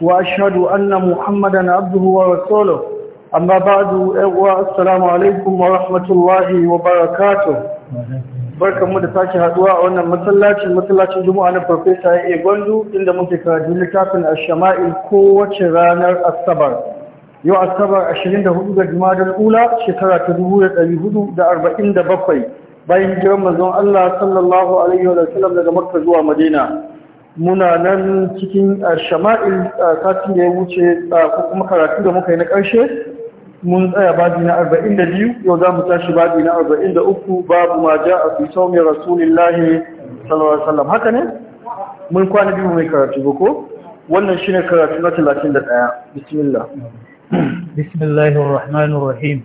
وأشهد أن محمدا عبده ورسوله أما بعد السلام عليكم ورحمة الله وبركاته barkan mu da sake haduwa a wannan masallacin masallacin juma'a na farfesa ya gwandu inda muke karatu littafin a shamail kowace ranar asabar yau asabar 24 ga jumadal ula shekara ta 1447 bayan hijirar manzon Allah sallallahu alaihi wa sallam daga makka zuwa madina muna nan cikin shama'il satin da ya wuce ko kuma karatu da muka yi na ƙarshe mun tsaya babi na 42 yau za mu tashi babi na 43 babu ma ja a fi saumi rasulillahi sallallahu alaihi wasallam haka ne mun kwana biyu mai karatu ba ko wannan shine karatu na 31 bismillah bismillahir rahmanir rahim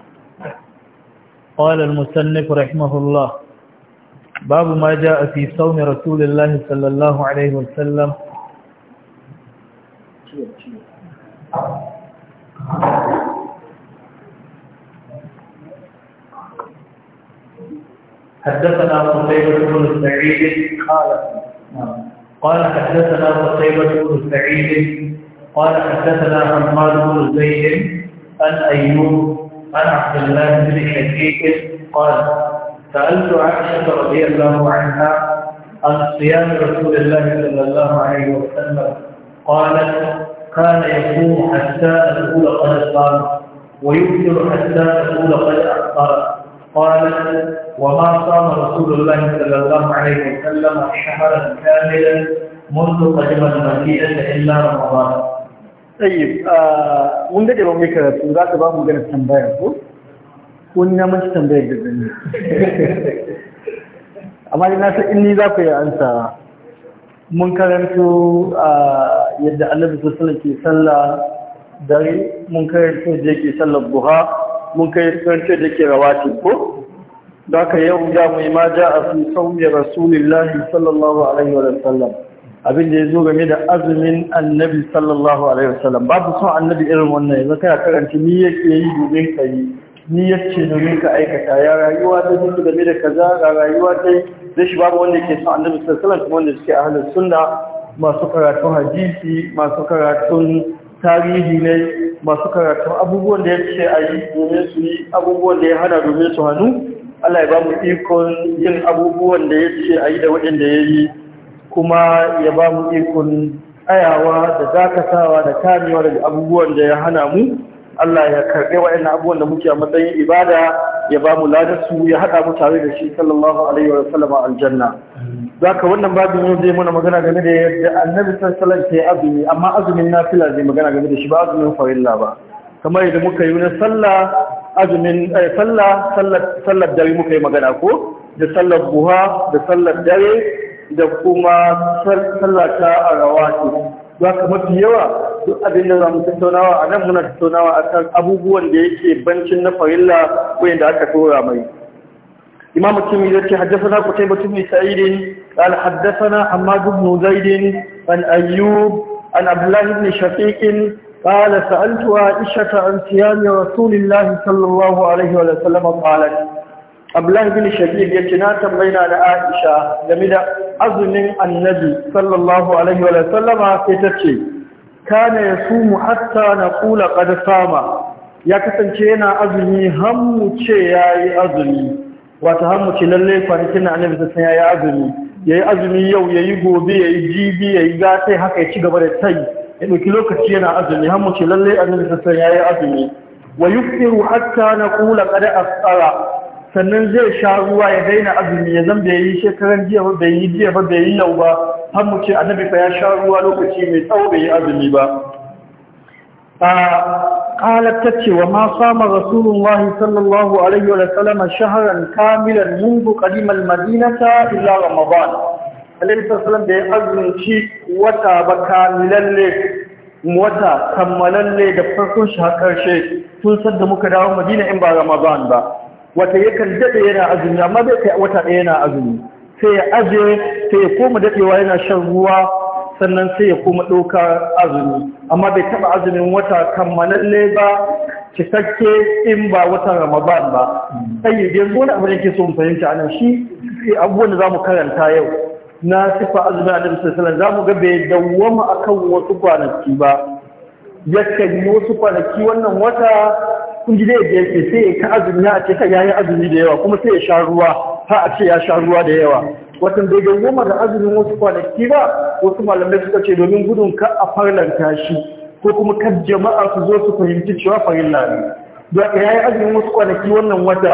qala al-musannif rahimahullah باب ما جاء في صوم رسول الله صلى الله عليه وسلم حدثنا قتيبة بن سعيد قال قال حدثنا قتيبة بن سعيد قال حدثنا حماد بن زيد عن أيوب عن عبد الله بن شقيق قال سألت عائشة رضي الله عنها عن صيام رسول الله صلى الله عليه وسلم قالت كان يصوم حتى تقول قد صام ويكثر حتى تقول قد أفطر قالت وما صام رسول الله صلى الله عليه وسلم شهرا كاملا منذ قدم المدينة إلا رمضان طيب آه، من دقيقة ممكن تقول ذات باب مجنة wani na mace tambayar da zan yi. amma dai na san in za ku yi ansa mun karanto yadda annabi sallallahu ke sallah dare mun karanto da yake sallar buha mun karanto da yake rawa ko da ka yau da mu ma ja a fi saumi rasulillahi sallallahu alaihi wa sallam abin da ya zo game da azumin annabi sallallahu alaihi wa sallam babu son annabi irin wannan yanzu kana karanta ni yake yi domin ka yi ni yace domin ka aikata ya rayuwa ta duk game da kaza ga rayuwa ta da shi babu wanda ke son annabi sallallahu alaihi wasallam wanda suke ahlus sunna masu karatun hadisi masu karatun tarihi ne masu karatun abubuwan da a ayi domin su yi abubuwan da ya hana domin su hannu Allah ya ba mu ikon yin abubuwan da ya ce a yi da waɗanda ya yi kuma ya ba mu ikon tsayawa da dakatawa da kamewa daga abubuwan da ya hana mu Allah ya karɓe waɗannan abubuwan da muke a matsayin ibada ya ba mu ladarsu ya haɗa mu tare da shi sallallahu alaihi wa sallam a aljanna za ka wannan babin yau zai muna magana game da yadda annabi sallallahu alaihi wa azumi amma azumin nafila zai magana game da shi ba azumin farilla ba kamar yadda muka yi na sallah azumin eh, sallah sallar dare muka yi magana ko da sallar buha da sallar dare da kuma sallar ta arawa za ka mafi yawa duk abin da za mu tattaunawa a nan muna tattaunawa a kan abubuwan da yake bancin na farilla wayanda aka tura mai imamu tumi zai ce haddasana ku taibatu mai sa'idin قال حدثنا حماد بن زيد عن أيوب عن عبد الله بن شقيق قال سألت عائشة عن صيام رسول الله صلى الله عليه وسلم قالت Abdullahi bin Shabib ya tambayi na tambayina da Aisha game da azumin Annabi sallallahu alaihi wa sallama sai ta ce kana yasumu hatta naqula qad sama ya kasance yana azumi har mu ce yayi azumi wato har mu ce lalle kwanakin Annabi sai yayi azumi yayi azumi yau yayi gobe yayi jibi yayi sai haka ya ci gaba da tai ya dauki lokaci yana azumi har mu ce lalle Annabi sai yayi azumi wa yufiru hatta naqula qad asara sannan zai sha ruwa ya daina azumi ya zan bai yi shekaran jiya ba bai yi jiya ba bai yi yau ba har mu ce annabi fa ya sha ruwa lokaci mai tsawo bai yi azumi ba a qalat ta ce wa ma sama rasulullah sallallahu alaihi wa sallam shahran kamilan mundu qadim madinata illa ramadan alaihi sallam bai azumi wata ba kamilalle wata kammalalle da farkon shakar karshe tun sanda muka dawo madina in ba ramadan ba wata kan daɗe yana azumi amma bai kai wata ɗaya yana azumi sai ya aje sai ya koma daɗewa yana shan ruwa sannan sai ya koma ɗauka azumi amma bai taɓa azumin wata kammalalle ba cikakke in ba wata ramadan ba sai yanzu wani abu da ke so mu fahimta anan shi abubuwan da za mu karanta yau na sifa azumin annabi sallallahu alaihi za mu ga bai dawwama akan wasu kwanaki ba yakan yi wasu kwanaki wannan wata kun ji zai yake sai ya ka azumi a ce ka yayi azumi da yawa kuma sai ya sha ruwa ha a ce ya sha ruwa da yawa watan bai goma da azumin wasu kwanaki ba wasu malamai suka ce domin gudun ka a farlanta shi ko kuma kan jama'a su zo su fahimci cewa farilla ne da ka yayi azumin wasu kwanaki wannan wata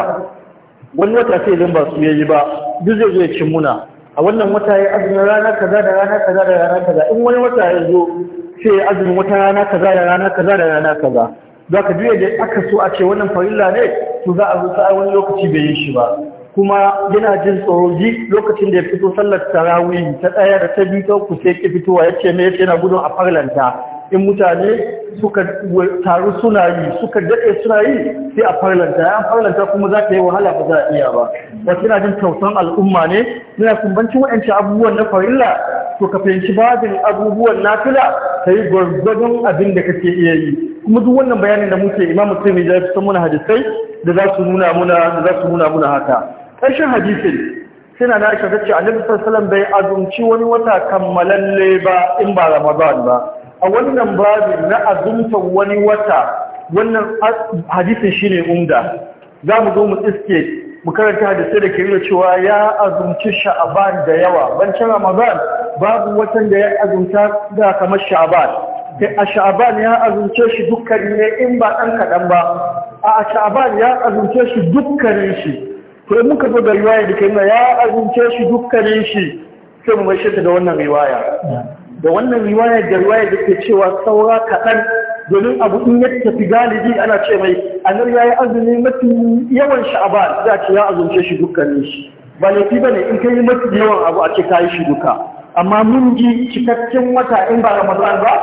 wani wata sai zan ba su yayi ba duk zai zo ya ci muna a wannan wata ya azumin rana kaza da rana kaza da rana kaza in wani wata ya zo sai ya azumin wata rana kaza da rana kaza da rana kaza za ka duye da aka so a ce wannan farilla ne to za a zuta wani lokaci bai yi shi ba kuma yana jin tsoro lokacin da ya fito sallar tarawih ta ɗaya da ta biyu ta uku sai ki fitowa ya ce me yace yana gudun a farlanta in mutane suka taru suna yi suka daɗe suna yi sai a farlanta ya farlanta kuma za ta yi wahala ba za a iya ba wasu yana jin tausan al'umma ne yana kumbancin waɗancan abubuwan na farilla to ka fahimci babin abubuwan nafila ka yi gwargwadon abin da kake iya yi kuma duk wannan bayanin da muke imam mutum ya fi san muna hadisai da za su nuna muna da za su nuna muna haka ƙarshen hadisin sai na aisha ta ce annabi sallallahu bai azumci wani wata kammalalle ba in ba ramadan ba a wannan babin na azumta wani wata wannan hadisin shine umda za mu zo mu iske mu karanta hadisai da ke nuna cewa ya azumci sha'aban da yawa Ban can ramadan babu watan da ya azumta da kamar sha'aban sai a sha'aban ya azumce shi dukkanin ne in ba ɗan kaɗan ba a sha'aban ya azumce shi dukkanin shi to muka zo da riwaya da ke nuna ya azumce shi dukkanin shi sai mu maishe ta da wannan riwaya da wannan riwaya da riwaya da ke cewa saura kaɗan domin abu in ya tafi galibi ana ce mai anar ya yi azumi mafi yawan sha'aban za ce ya azumce shi dukkanin shi ba laifi ba ne in kai mafi yawan abu a ce ka yi shi duka amma mun ji cikakken wata in ba ramadan ba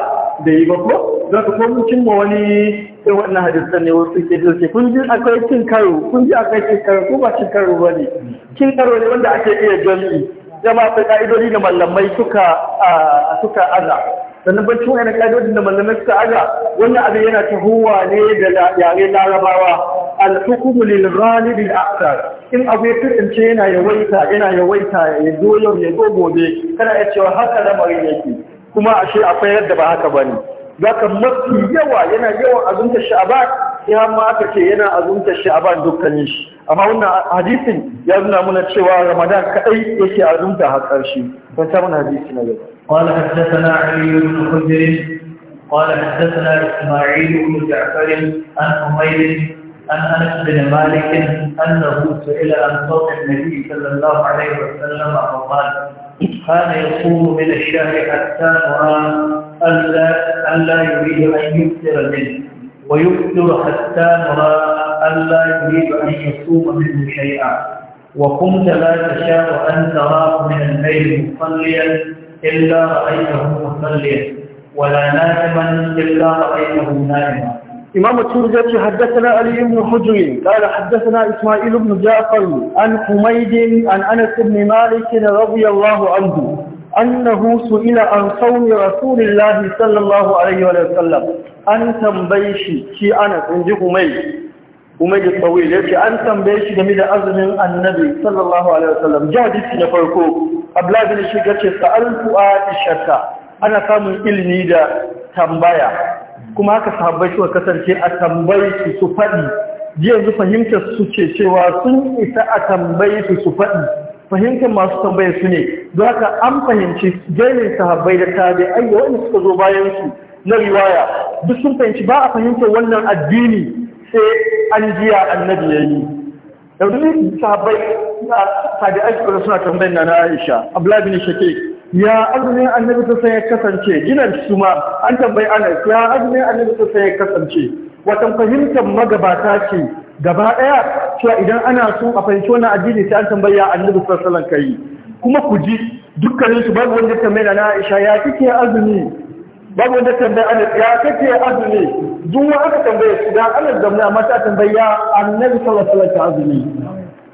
da yi ba ko za ka ko mun cimma wani sai wannan hadisan ne wasu ke dole kun ji akwai cin karo kun ji akwai cin karo ko ba cin karo ba ne cin karo ne wanda ake iya jami'i zama akwai ka'idodi da mallamai suka suka aza sannan bacci wani ƙa'idodin da malamai suka aga wannan abin yana ta huwa ne da yare larabawa al-hukumu lil ghalib al in abu ya kasance yana yawaita yana yawaita ya zo yau ya zo gobe kana iya cewa haka lamarin yake kuma ashe akwai yadda ba haka bane zaka mafi yawa yana yawan azumta sha'aban sai har ma aka ce yana azumta sha'aban dukkanin shi amma wannan hadisin ya nuna mana cewa ramadan kadai yake azumta har karshe ban ta mana hadisi na gaba قال حدثنا علي بن خزر قال حدثنا اسماعيل an جعفر عن حميد عن انس بن مالك انه سئل عن صوت النبي صلى الله عليه وسلم فقال كان يصوم من الشهر حتى نرى ألا, ألا يريد أن يفتر منه ويفتر حتى نرى ألا يريد أن يصوم منه شيئا وكنت لا تشاء أن تراه من الليل مصليا إلا رأيته مصليا ولا نائما إلا رأيته نائما إمام الترجي حدثنا علي بن حجر قال حدثنا إسماعيل بن جعفر عن حميد عن أنس بن مالك رضي الله عنه أنه سئل عن صوم رسول الله صلى الله عليه وسلم أن تنبيشي شي أنس عندي حميد Umar da tsawil yake an tambaye shi game da azumin annabi sallallahu alaihi wasallam jihadisi na farko Abdullahi bin Shigar ce sa'altu Aisha ana samun ilimi da tambaya kuma haka sahabbai suka kasance a tambayi su su faɗi jiya su fahimtar su ce cewa sun isa a tambayi su su faɗi fahimtar masu tambayar su ne don haka an fahimci jerin sahabbai da tabi'ai da wanda suka zo bayan su na riwaya duk sun fahimci ba a fahimtar wannan addini sai an jiya annabi ya yi yanzu sahabbai tabi'ai suna tambayar na Aisha Abdullahi bin Shakir ya azumin annabi ta sai ya kasance gidan su ma an tambayi ana ya azumin annabi ta sai ya kasance watan fahimtar magabata ce gaba daya cewa idan ana so a fahimci wannan addini sai an ya annabi sallallahu alaihi kuma ku ji dukkanin su babu wanda tambaya na Aisha ya kike azumi babu wanda tambayi ana ya kike azumi duk wanda aka tambaye su da Allah da ta mata ya annabi sallallahu alaihi azumi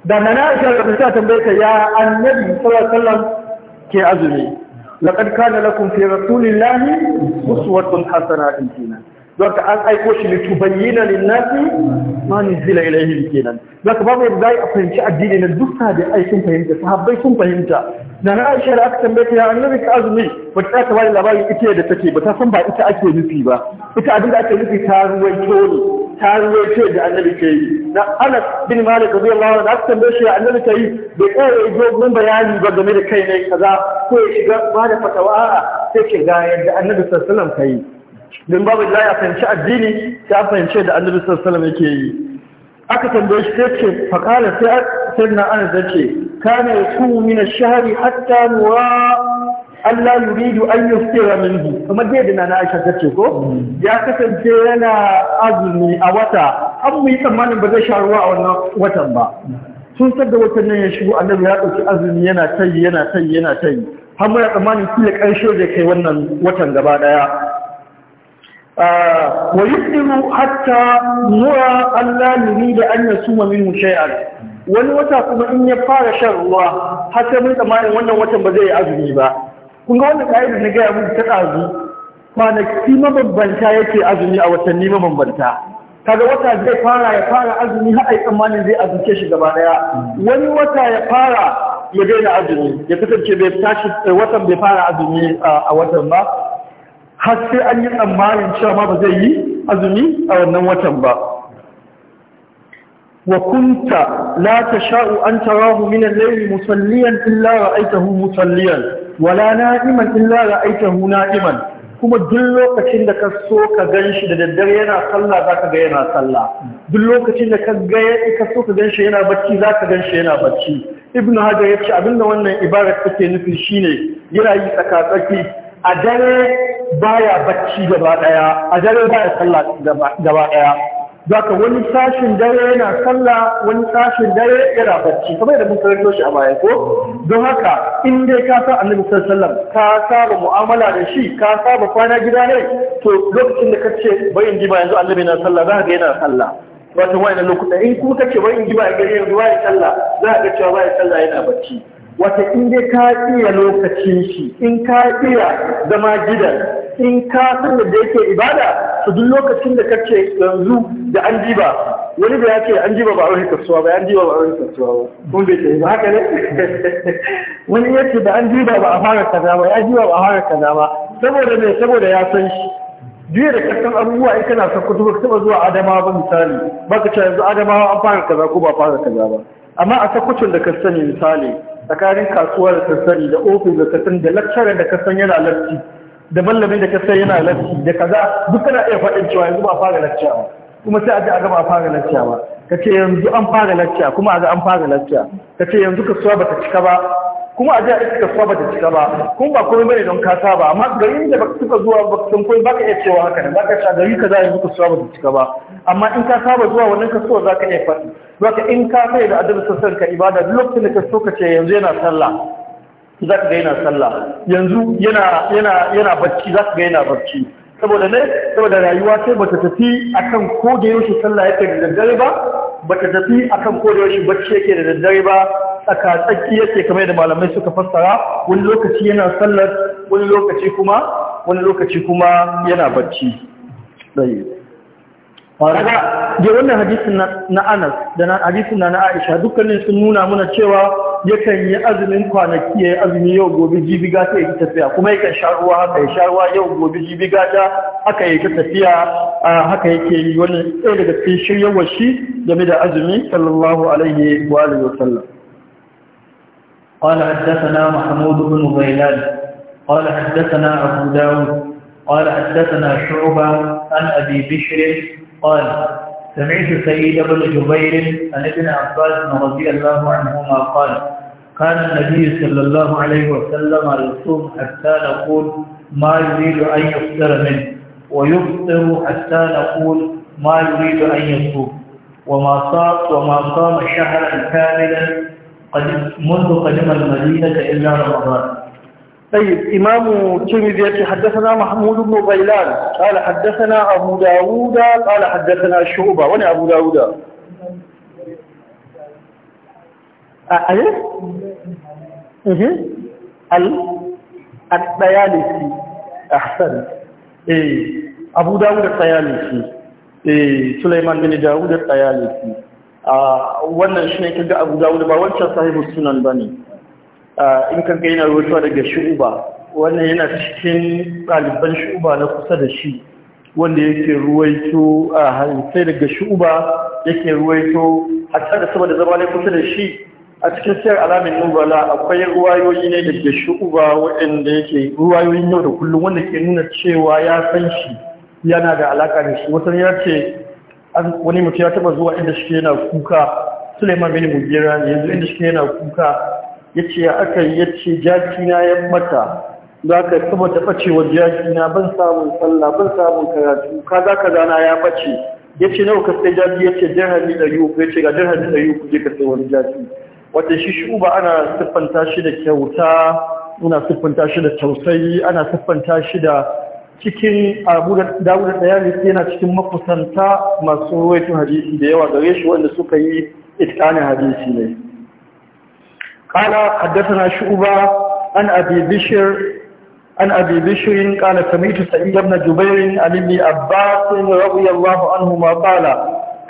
da nana Aisha da ta tambaye ta ya annabi sallallahu alaihi كي لقد كان لكم في رسول الله أسوة حسنة الجنة don ka an aiko shi ne tubayyina linnasi ma nuzila ilayhim kenan don ka babu yadda zai a fahimci addini na duk da aikin fahimta sahabbai sun fahimta da na Aisha da aka tambaye ta ya annabi ka azumi ba ta ta bani labarin ita da take ba ta san ba ita ake nufi ba ita abin da ake nufi ta ruwaito ne ta ruwaito da annabi ke yi na Anas bin Malik radiyallahu aka tambaye shi annabi ta yi bai kare dogon bayani ba game da kai ne kaza ko ya shiga ba da fatawa a sai ke ga yadda annabi sallallahu alaihi wasallam ka yi don babu da ya fahimci addini ya fahimci da annabi sallallahu alaihi yake yi aka tambaye shi sai ce fakala sai sayyidina anas yace kana yasumu min ash-shahri hatta nura Allah yuridu an yuftira minhu kamar dai dana na Aisha tace ko ya kasance yana azumi a wata an mu yi tsammanin ba zai sha ruwa a wannan watan ba sun san da watan nan ya shigo annabi ya dauki azumi yana tayi yana tayi yana tayi har muna tsammanin kila karshe da kai wannan watan gaba daya wa حتى hatta أن Allah نريد da an منه شيئا shay'an wani wata kuma in ya fara shan ruwa har sai mun tsammanin wannan watan ba zai yi azumi ba kun ga wannan ka'idar na gaya muku ta ɗazu kwanaki mabambanta yake azumi a watanni mabambanta kaga wata zai fara ya fara azumi har ai tsammanin zai azumce shi gaba daya wani wata ya fara ya daina azumi ya kasance bai tashi watan bai fara azumi a watan ba har sai an yi tsammanin cewa ma ba zai yi azumi a wannan watan ba wa kunta la sha'u an tarahu min al-layli musalliyan illa ra'aytahu musalliyan wala na'iman illa ra'aytahu na'iman kuma duk lokacin da ka so ka ganshi da daddare yana sallah ka ga yana sallah duk lokacin da ka ga ka so ka ganshi yana bacci gan ganshi yana bacci ibnu hajar ce abinda wannan ibarat take nufin shine yana yi tsakatsaki a dare baya bacci gaba daya a dare baya sallah gaba daya zaka wani sashin dare yana sallah wani sashin dare yana bacci kamar yadda mun karanto shi a baya ko don haka in dai ka san annabi sallallahu alaihi wasallam ka saba mu'amala da shi ka saba kwana gida ne to lokacin da kace bayin ji ba yanzu annabi na sallah zaka ga yana sallah wato wani lokuta in kuma kace bayin ya ba yanzu ya sallah zaka ga cewa ba ya sallah yana bacci wata in dai ka iya lokacin shi in ka iya zama gidan in ka san da yake ibada to duk lokacin da kace yanzu da an jiba wani da yake an jiba ba a wani kasuwa ba an jiba ba a wani kasuwa ba kun bai ce ba haka ne wani yace da an jiba ba a fara kaza ba ya jiba ba a fara kaza ba saboda me saboda ya san shi jiya da kasan abubuwa in kana son kutuba ka taba zuwa adamawa ba misali baka ce yanzu adamawa an fara kaza ko ba fara kaza ba amma a sakwacin da ka sani misali tsakanin kasuwa da sassari da ofis da kasan da lakcarar da kasan yana lakci da mallamin da kasan yana lakci da kaza duk kana iya faɗin cewa yanzu ba fara lakciya ba kuma sai a ji a gaba a fara lacca ba ka ce yanzu an fara lacca kuma a ga an fara lacca ka ce yanzu ka ba ta cika ba kuma a ji a iska ka ba ta cika ba kuma ba komai bane don ka saba amma garin da ba suka zuwa ba sun koyi ba ka iya cewa haka ne ba ka sha gari ka za yanzu ka ba ta cika ba amma in ka saba zuwa wannan ka suwa za ka iya faɗi za ka in ka sai da adalci sosai ka ibada duk lokacin da ka so ka ce yanzu yana sallah za ka ga yana sallah yanzu yana yana yana bacci za ka ga yana bacci saboda ne saboda rayuwa sai bata tafi akan ko da yaushe sallah yake da daddare ba bata tafi akan ko da yaushe bacci yake da daddare ba tsaka tsaki yake kamar da malamai suka fassara wani lokaci yana sallar wani lokaci kuma wani lokaci kuma yana bacci dai kaga da wannan hadisin na Anas da na hadisin na Aisha dukkanin sun nuna mana cewa yakan yi azumin kwanaki ya yi azumi yau gobe jibi gata ya tafiya kuma yakan sha ruwa haka ya sha ruwa yau gobe jibi gata aka yi ta tafiya haka yake yi wannan ɗaya daga cikin shiryawar shi game da azumi sallallahu alaihi wa alihi wa sallam قال حدثنا محمود بن غيلان قال حدثنا أبو داود قال حدثنا شعبة عن أبي بشر قال سمعت سيد بن جبير عن ابن عباس رضي الله عنهما قال كان النبي صلى الله عليه وسلم يصوم حتى نقول ما يريد أن يفطر منه ويفطر حتى نقول ما يريد أن يصوم وما صام وما صام شهرا كاملا منذ قدم المدينة إلا رمضان طيب إمام ترمذي حدثنا محمود بن غيلان قال حدثنا أبو داود قال حدثنا شعبة وانا أبو داود أهل أهل الطيالسي أحسن إيه أبو داود الطيالسي إيه سليمان بن داود الطيالسي آه وانا شنو كده أبو داود با wancan sahibu sunan bane Ah, in kan ga yana rutuwa daga shi'uba. wannan yana cikin ɗaliban shi'uba na kusa da shi wanda yake ruwaito a hadisai daga shi'uba yake ruwaito cikin da saboda zama ne kusa da shi a cikin sayar alamin nubala akwai ruwayoyi ne daga shi'uba, waɗanda yake ruwayoyin yau da kullum wanda ke nuna cewa ya san shi yana da alaƙa da shi wasan ya ce wani mutum ya taba zuwa inda shi yana kuka suleiman bin mugira ne yanzu inda shi yana kuka ya ce aka yi ya ce jakina ya mata za ka kuma ta ɓacewar jakina ban samun sallah ban samun karatu ka za ka zana ya ɓace ya ce nawa ka sai jaki ya ce dirhami ɗari uku ya ce ga dirhami ɗari uku je ka sai wani jaki wata shi shi uba ana siffanta shi da kyauta ana siffanta shi da tausayi ana siffanta shi da cikin dawo da daya ne yana cikin makusanta masu ruwaitun hadisi da yawa gare shi wanda suka yi itkanin hadisi ne قال حدثنا شعبة عن أبي بشر عن أبي بشر قال سمعت سعيد بن جبير عن ابن عباس رضي الله عنهما قال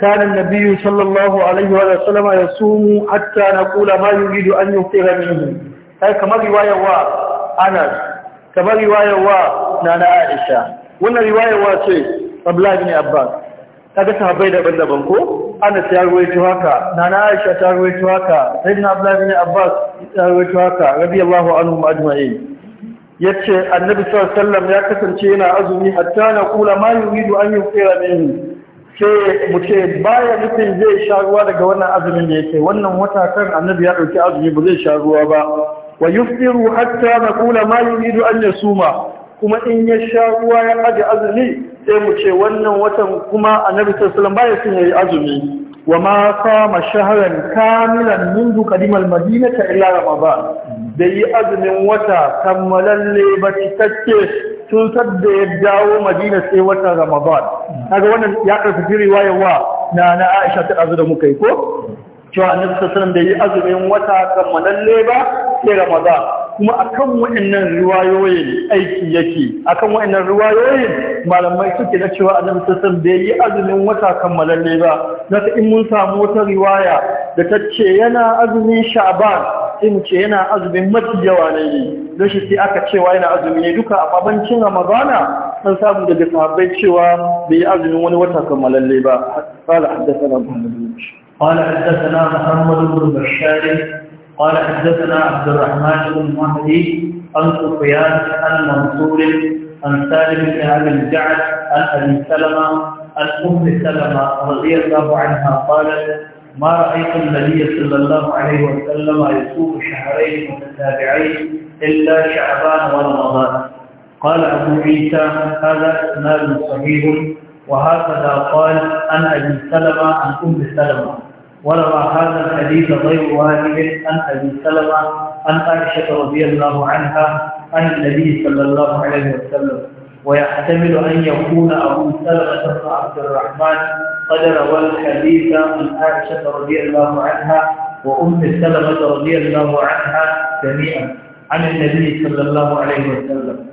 كان النبي صلى الله عليه وسلم يصوم حتى نقول ما يريد أن يفطر منه هاي كما رواية وا أنس كما رواية وا نانا عائشة وانا رواية وا شيء عبد الله بن عباس kaga sahabbai daban-daban ko Anas ya rawaito haka Nana Aisha ta rawaito haka Sayyidina Abdullah bin Abbas ya rawaito haka radiyallahu anhum ajma'in yace Annabi sallallahu alaihi wasallam ya kasance yana azumi hatta na kula ma yuridu an yufira minhu sai mu ce baya nufin zai sha ruwa daga wannan azumin da yake wannan wata kan Annabi ya dauki azumi ba zai sha ruwa ba wa yuftiru hatta na kula ma yuridu an yasuma kuma in ya sha ruwa ya aje azumi sai mu ce wannan watan kuma annabi sallallahu baya sun yi azumi wa ma sama shahran kamilan منذ قدم ta illa ramadan da yi azumin wata kammalalle ba cikakke tun sadda ya dawo madina sai wata ramadan kaga wannan ya karfafi riwaya wa na na Aisha ta azu da muka yi ko cewa annabi sallallahu alaihi wasallam da yi azumin wata kammalalle ba sai ramadan kuma akan waɗannan riwayoyin aiki yake akan waannan riwayoyin malamai suke da cewa annabi sassan bai yi azumin wata kammalalle ba na in mun samu wata riwaya da ta ce yana azumin sha'ban sai mu ce yana azumin mafi yawa ne ne don shi sai aka cewa yana azumi ne duka a babancin ramadana an samu daga sahabbai cewa bai yi azumin wani wata kammalalle ba qala حدثنا محمد بن بشار قال حدثنا محمد قال حدثنا عبد الرحمن بن مهدي عن سفيان عن منصور عن سالم بن ابي الجعد عن ابي سلمه عن ام سلمه رضي الله عنها قالت ما رايت النبي صلى الله عليه وسلم يصوم شهرين متتابعين الا شعبان ورمضان قال ابو عيسى هذا اسناد صحيح وهكذا قال عن ابي سلمه عن ام سلمه وروى هذا الحديث غير واجب عن ابي سلمه عن عائشه رضي الله عنها عن النبي صلى الله عليه وسلم ويحتمل ان يكون ابو سلمه بن عبد الرحمن قد روى الحديث عن عائشه رضي الله عنها وام سلمه رضي الله عنها جميعا عن النبي صلى الله عليه وسلم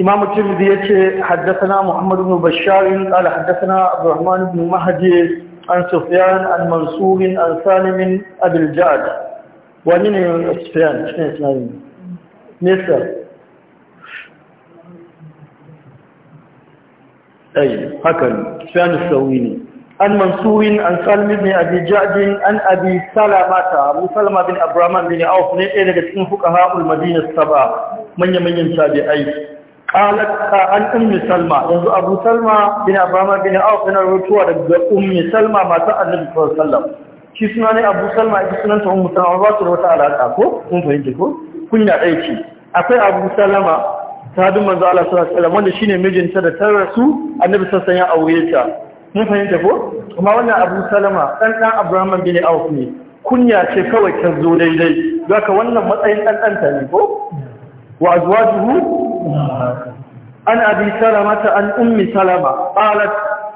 إمام الترمذي حدثنا محمد بن بشار قال حدثنا عبد الرحمن بن مهدي an sufiyan an mansurin an salimin abiljad wani ne yin sufiyan shine salimin nesar ai haka sufiyan sauri ne an mansurin an salimin abiljadin an abi salamata abu salama bin abraman bin auf ne daga cikin fuka haɗul madina saba manya-manyan tabi'ai قالت عن أم سلمى ينزو أبو سلمى بن أبراهيم بن أوف بن الرتوى أم سلمى ما سأل النبي صلى الله عليه وسلم shi suna ne abu salma ita sunanta ummu salma ba su da wata alaƙa ko mun fahimta ko kunya ɗaya ce akwai abu salama ta sahabin manzo Allah sallallahu alaihi wasallam wanda shine mijinta da tarar su annabi sassan ya aure ta mun fahimta ko kuma wannan abu salama dan dan abraham bin auf ne kunya ce kawai ta zo daidai zaka wannan matsayin dan ɗanta ne ko وأزواجه عن أبي سلمة عن أم سلمة قالت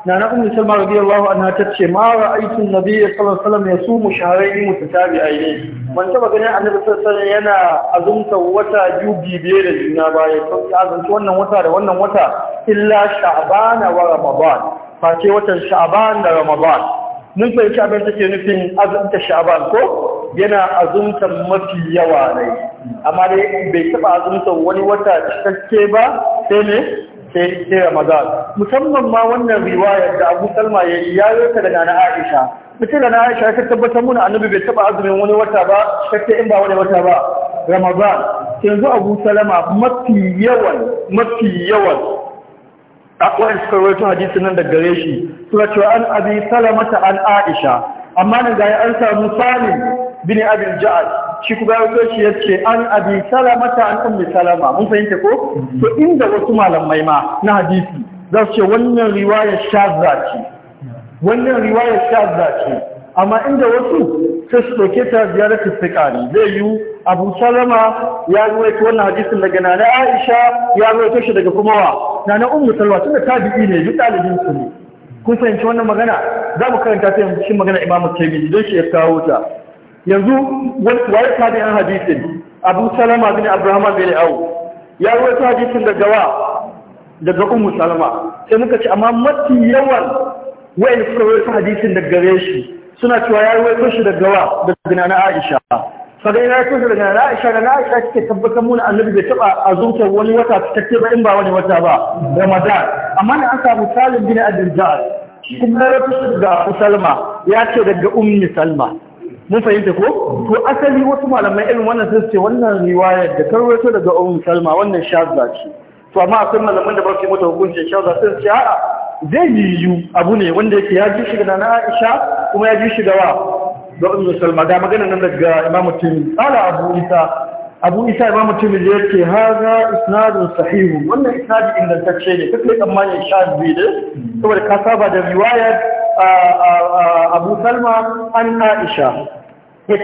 نانا أم سلمة رضي الله عنها تتشي ما رأيت النبي صلى الله عليه وسلم يصوم شهرين متتابعين من تبقى أن النبي صلى الله عليه وسلم ينا أزمت وتا جوبي بير الجنابة أزمت وانا وتا وانا وتا إلا شعبان ورمضان فاتي وتا شعبان ورمضان mun fahimci abin take nufin azumta sha'ban ko yana azumta mafi yawa ne amma dai bai taba azumta wani wata cikakke ba sai ne sai sai ramadan musamman ma wannan riwayar da abu salma ya yi ya yi ta daga na aisha mutum da na aisha ta tabbatar mun annabi bai taba azumin wani wata ba cikakke in ba wani wata ba ramadan yanzu abu salama mafi yawan mafi yawan akwai suka hadisi nan daga gare shi suna cewa an abi salamata an aisha amma ne ga an samu salim bin abin ja'ad shi ku gawo shi ya ce an abi salamata an ummi salama mun fahimta ko to inda wasu malamai ma na hadisi za su ce wannan riwayar shazza ce wannan riwayar shazza ce amma inda wasu sai su ɗauke ta ziyarar istiƙari zai yiwu abu salama ya ruwaito wannan hadisin daga na aisha ya ruwaito shi daga kuma wa Na na umu salwa tunda tabi'i ne duk ɗalibin su ne kun fahimci wannan magana za mu karanta ta shi magana imamu taimini don shi ya kawo ta yanzu waye biyan hadisin abu salama bin abraham bin awu ya ruwaito hadisin daga wa daga umu salama sai muka ci amma mafi yawan wayan suka ruwaito hadisin daga gare shi suna cewa ya ruwaito shi daga wa daga na Aisha kaga ya ruwaito daga na Aisha da na Aisha take tabbatar muna annabi bai taba azumtar wani wata cikakke ba in ba wani wata ba Ramadan amma ne an samu salin bin Abdul Ja'ad shi kuma ya ruwaito daga Salma ya ce daga Ummi Salma mun fahimta ko to asali wasu malamai irin wannan sun ce wannan riwayar da karwato daga Ummu Salma wannan shazza ce to amma akwai malaman da ba su mata hukuncin shazza sun ce a'a zai yi abu ne wanda yake ya ji shiga na Aisha kuma ya ji shiga wa da Ummu Salma ga maganar nan daga Imam Tirmidhi qala Abu Isa Abu Isa Imam Tirmidhi yake haza isnadun sahih wannan isnadi ce ne kake kan sha biyu da saboda ka saba da riwayar Abu Salma an Aisha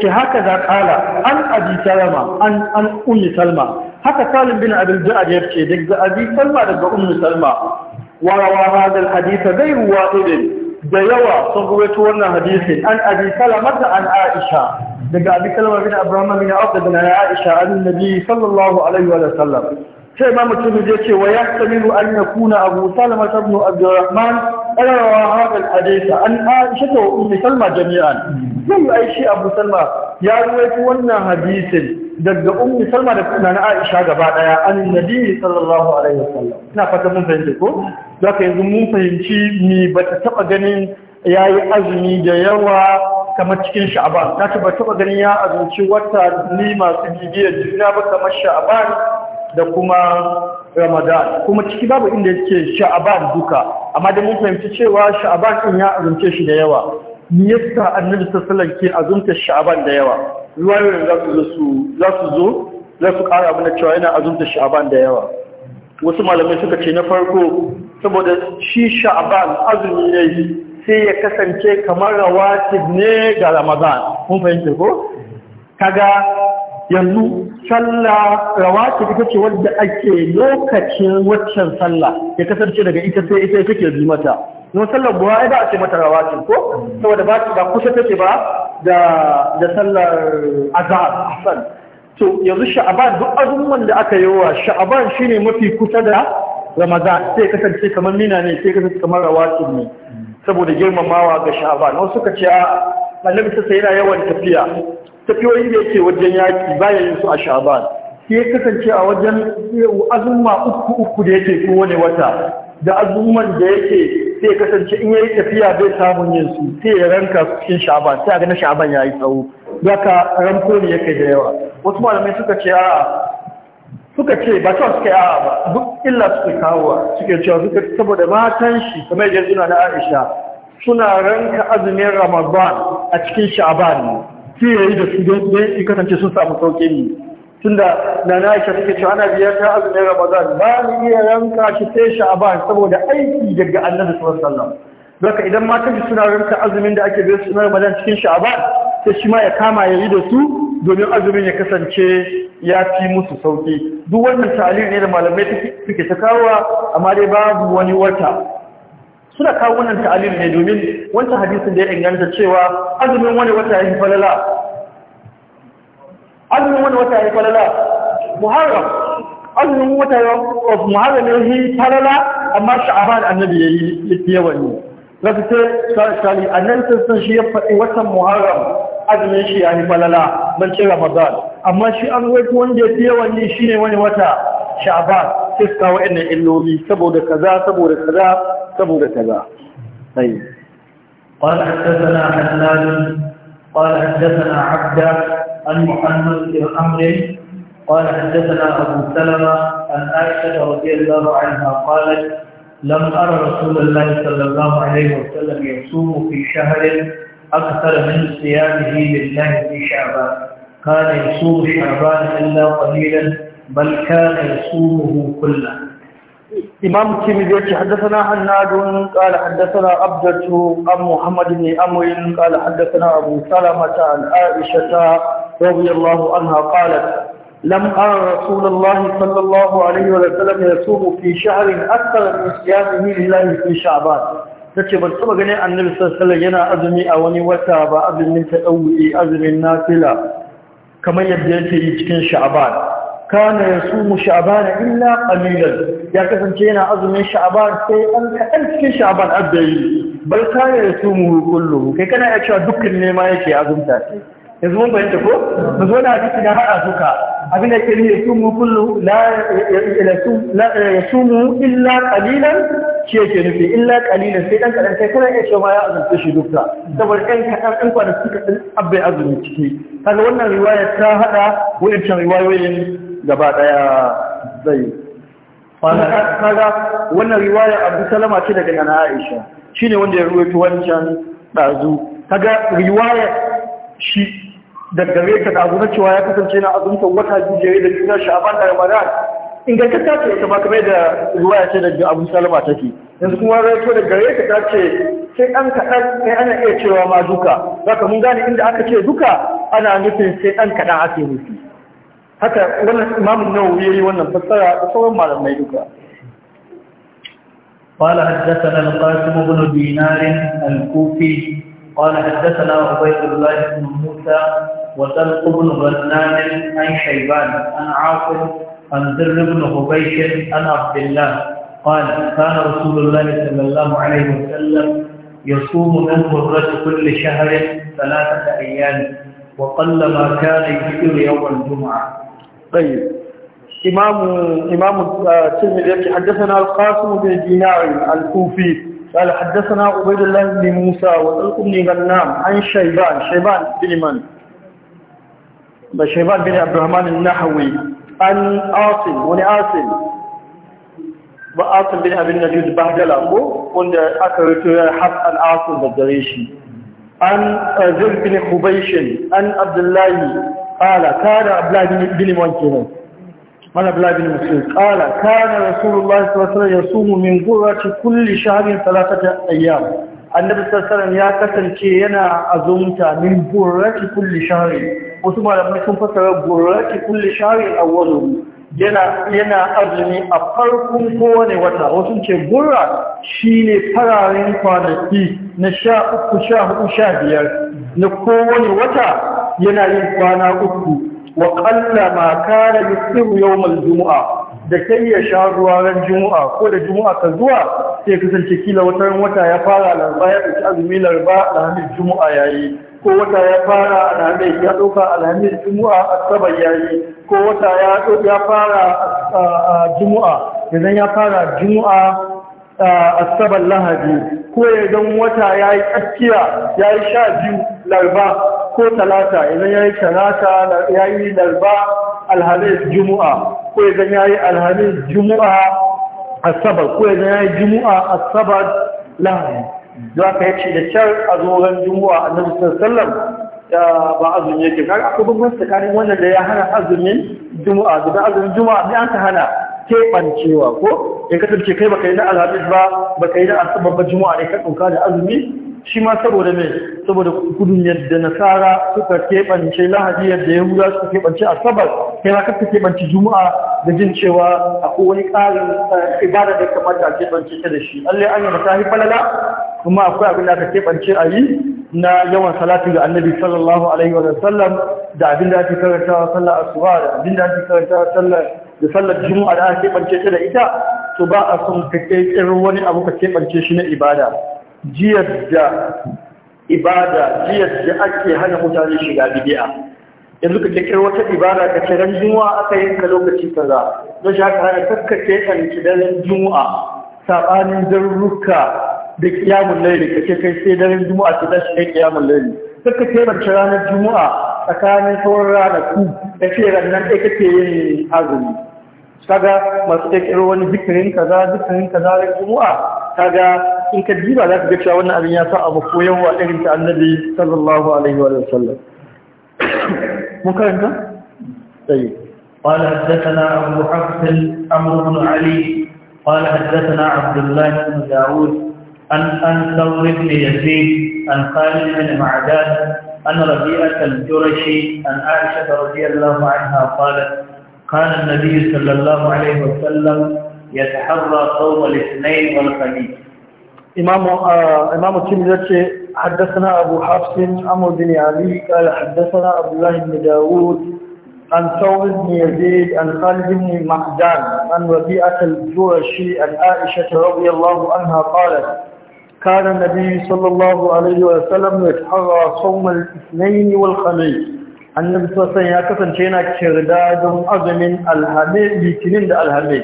ce haka za kala an Abi Salma an an Ummu Salma haka Salim bin Abdul Ja'ad yake daga Abi Salma daga Ummu Salma وروى هذا الحديث غير واحد da yawa sun rubuta wannan hadisi an abi salamata an aisha daga abi salama bin abraham bin auf daga nana aisha an nabi sallallahu alaihi wa sallam sai ma mutum ya ce wa ya yahtamilu an yakuna abu salama ibn abdurrahman Warawa hada hadisa an aisha wa ummi salma jami'an sai ai shi abu salma ya ruwaito wannan hadisin daga ummi salma da na aisha gaba daya an sallallahu alaihi wasallam ina fata mun fahimci ko zaka yanzu mun fahimci ni bata taba ganin yayi azumi da yawa kamar cikin sha'ban ta ce ba taba ganin ya azumci wata ni masu bibiya juna ba kamar sha'ban da kuma ramadan kuma ciki babu inda yake sha'ban duka amma da mun fahimci cewa sha'ban din ya azumce shi da yawa ni yasa annabi sallallahu alaihi wasallam ke azumta sha'ban da yawa ruwayoyin za su zo za su abin mana cewa yana azunta sha'aban da yawa wasu malamai suka ce na farko saboda shi sha'aban azumi ne sai ya kasance kamar rawatib ne ga ramadan kun fahimta ko kaga yanzu sallah rawatib ita ce wadda ake lokacin waccan sallah ya kasance daga ita sai ita take bi mata don sallar buwa ba a ce mata rawatib ko saboda ba ba kusa take ba da da sallar azhar ahsan to yanzu sha'aban duk azumman da aka yi wa sha'aban shine mafi kusa da ramadan sai kasance kamar mina ne sai kasance kamar rawatib ne saboda girmamawa ga sha'aban wasu suka ce a annabi sai yana yawan tafiya tafiyoyin da yake wajen yaki baya yin su a sha'aban sai kasance a wajen azumma uku uku da yake kowane wata da azumman da yake sai kasance in yi tafiya bai samun yin su sai ya ranka su cikin sha'aban sai a ga na Ya yayi tsawo ka ranko ne yake da yawa wasu malamai suka ce a'a suka ce ba cewa suka yi ba illa suka kawo suke cewa suka saboda matan shi kamar yadda suna na Aisha suna ranka azumin Ramadan a cikin sha'aban ne sai yayi da su don in kasance sun samu sauƙi ne tunda na na aisha cewa ana biyar ta azumin ramadan ba ni iya ranka shi sai sha'aban saboda aiki daga annabi sallallahu alaihi wasallam haka idan matan suna ranka azumin da ake biyar sunan ramadan cikin sha'aban sai shi ma ya kama ya yi da su domin azumin ya kasance ya fi musu sauki duk wannan ta'alir ne da malamai suke ta kawo amma dai babu wani wata suna kawo wannan ta'alil ne domin wancan hadisin da ya inganta cewa azumin wani wata ya falala azumin wani wata ya yi falala muharram azumin wata of muharram ya yi falala amma sha'aban annabi ya yi yawan yi na fi sai annan sun shi ya faɗi watan muharram azumin shi ya yi falala ban ce ramadan amma shi an waito wanda ya fi yawan yi shi ne wani wata sha'aban sai su kawo ɗan illoli saboda kaza saboda kaza saboda kaza قال حدثنا حنان قال حدثنا عبده عن محمد بن عمرو قال حدثنا أبو سلمة عن عائشة رضي الله عنها قالت لم أرى رسول الله صلى الله عليه وسلم يصوم في شهر أكثر من صيامه لله في شعبان كان يصوم شعبان إلا قليلا بل كان يصومه كله إمام الترمذي حدثنا حناد قال حدثنا عبدة عن محمد بن أمر قال حدثنا أبو سلمة عن عائشة رضي الله عنها قالت لم أرى رسول الله صلى الله عليه وسلم يصوم في شهر أكثر من صيامه لله في شعبان tace ban taba ganin annabi sallallahu yana azumi a wani wata ba azumin tadawi azumin nafila kamar yadda yake yi cikin sha'ban kana yasumu sha'ban illa qalilan ya kasance yana azumin sha'ban sai an kadan cikin sha'ban abdai bal kana yasumu kullu kai kana ya cewa dukkan ne yake azumta yanzu mun bayyana ko ba zo da hadisi da haɗa duka abin da ke ne su mu kullu la yasumu illa qalilan shi yake nufi illa qalilan sai dan kadan kai kana ce ma ya azumta shi duka saboda dan kadan dan kwana suka dan abbe azumi ciki kaga wannan riwaya ta haɗa wannan riwayoyin gaba daya zai kaga wannan riwaya Abu Salama ce daga Nana Aisha shine wanda ya ruwaito wancan dazu kaga riwaya shi daggare ka da na cewa ya kasance na azumta wata jujjere da juna sha'aban da ramadan ta ce ita ba da ruwa ya ce da abu salama take yanzu kuma rawaito da gare ka ta ce sai ɗan kaɗan sai ana iya cewa ma duka zaka mun gane inda aka ce duka ana nufin sai ɗan kaɗan ake nufi haka wannan imamun ya yi wannan fassara da sauran malamai duka قال حدثنا القاسم بن دينار الكوفي قال حدثنا عبيد الله بن موسى وطلق بن غنان عن شيبان عن عاصم عن ذر بن حبيش عن عبد الله قال كان رسول الله صلى الله عليه وسلم يصوم من مرة كل شهر ثلاثة أيام وقل ما كان يجير يوم الجمعة طيب إمام إمام الترمذي حدثنا القاسم بن دينار الكوفي قال حدثنا عبيد الله بن موسى وقال ابن غنام عن شيبان شيبان بن من شيبان بن عبد الرحمن النحوي عن عاصم وني عاصم وعاصم بن أبي النجود بهدلة وند أكرت حق عن عاصم بالدريشي عن زر بن خبيش عن عبد الله قال كان عبد الله بن منكر مال أبلا بن مسعود قال كان رسول الله صلى الله عليه وسلم يصوم من قرة كل شهر ثلاثة أيام النبي صلى الله عليه وسلم يا كسر كينا أزمت من قرة كل شهر وثم فترة قرة yana yana azumi a farkon kowane wata wasu ce gurra shine fararen kwanaki na sha uku sha hudu sha biyar na kowane wata yana yin kwana uku wa qalla ma kana yusiru yawmal jumu'a da kai ya sha ruwa ran juma'a ko da juma'a ka zuwa sai kasance kila wata wata ya fara larba ya ɗauki azumi larba alhamis juma'a yi. ko wata ya fara alhamis ya ɗauka alhamis juma'a asabar yi. ko wata ya fara juma'a idan ya fara juma'a asabar lahadi ko ya don wata ya yi tsakiya ya yi sha biyu larba ko talata idan ya yi talata ya yi larba alhamis Jumu'a. ko idan ya yi alhamis Jumu'a asabar ko idan ya yi Jumu'a asabar lahani za ka yi da can a zoron Jumu'a a nan sallam ba azumi yake kaga akwai bambanci tsakanin wannan da ya hana azumin Jumu'a. da azumin Jumu'a ne an ka hana keɓancewa ko in kasance kai baka yi na alhamis ba baka yi na asabar ba Jumu'a ne ka ɗauka da azumi shi ma saboda mai saboda gudun yadda nasara suka keɓance lahadi yadda ya yahuda suka keɓance asabar kai ma kasa keɓance juma'a da jin cewa akwai wani ƙarin eh, ibada da kamata a keɓance ta da shi allai an yi matahi falala kuma akwai abin da aka keɓance a yi na yawan salatu ga annabi sallallahu alaihi wa sallam da abin da ake karantawa sallar asuwa da abin da ake karantawa sallar da sallar juma'a da aka keɓance ta da ita to ba a son ka ƙirƙirar wani abu ka keɓance shi na ibada jiyar da ibada jiyar da ake hana mutane shiga bidiya yanzu ka ce wata ibada ka ce ran juma'a aka ka lokaci kaza don shi haka hana kakkace kan da daren juma'a sabanin zarurruka da kiyamun laili ka ce kai sai daren juma'a ta tashi kai kiyamun laili kakkace mace ranar juma'a tsakanin sauran ranaku ka ce rannan ɗaya kake yin azumi kaga masu kirkiro wani bikirin kaza bikirin kaza da jumu'a kaga in ka jiba za ka ga cewa wannan abin ya sa abu ko yawa irin ta annabi sallallahu alaihi wa sallam mun karanta sai قال حدثنا أبو حفص عمرو بن علي قال حدثنا عبد الله بن داود عن عن ثور بن يزيد عن خالد بن معدان عن ربيعة الجرشي عن عائشة رضي الله عنها قالت كان النبي صلى الله عليه وسلم يتحرى صوم الاثنين والخميس إمام آه إمام الترمذي حدثنا أبو حفص عمرو بن علي قال حدثنا عبد الله بن داوود عن ثور بن يزيد عن خالد بن معدان عن ربيعة الجرشي عن عائشة رضي الله عنها قالت كان النبي صلى الله عليه وسلم يتحرى صوم الاثنين والخميس annabi sassan ya kasance yana kirda don azumin alhamis litinin da alhamis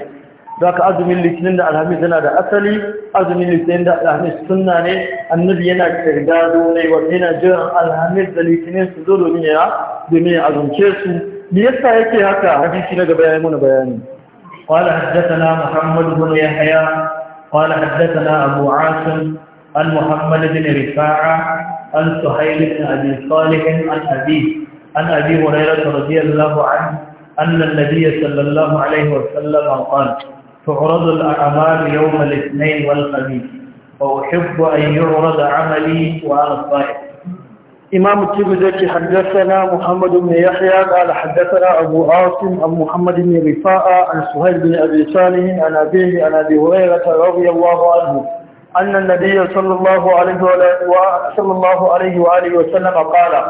za ka azumin litinin da alhamis yana da asali azumin litinin da alhamis suna ne annabi yana kirda donai wata yana jiran alhamis da litinin su zo domin ya domin ya azumce su me yasa yake haka hadisi na gaba ya mana bayani قال حدثنا محمد بن يحيى قال حدثنا أبو عاصم عن محمد بن رفاعة عن سهيل بن أبي صالح عن أبيه عن أبي هريرة رضي الله عنه أن النبي صلى الله عليه وسلم قال تعرض الأعمال يوم الاثنين والخميس وأحب أن يعرض عملي وأنا صائم إمام الترمذي حدثنا محمد بن يحيى قال حدثنا أبو عاصم عن محمد بن رفاعة عن سهيل بن أبي سالم عن أبيه عن أبي هريرة رضي الله عنه أن النبي صلى الله عليه صلى الله عليه وآله وسلم قال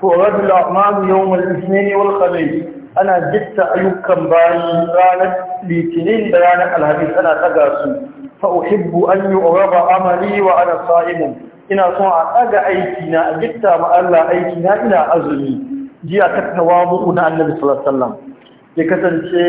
to rabbil yawon yawm ne wal khamis ana jitta ayyukan bayi ranar litinin da ranar alhamis ana taga su fauhibbu uhibbu an yu'raba amali wa ana sa'imun ina so a taga aiki na a jitta ma Allah aiki na ina azumi jiya tattawabu na annabi sallallahu ya kasance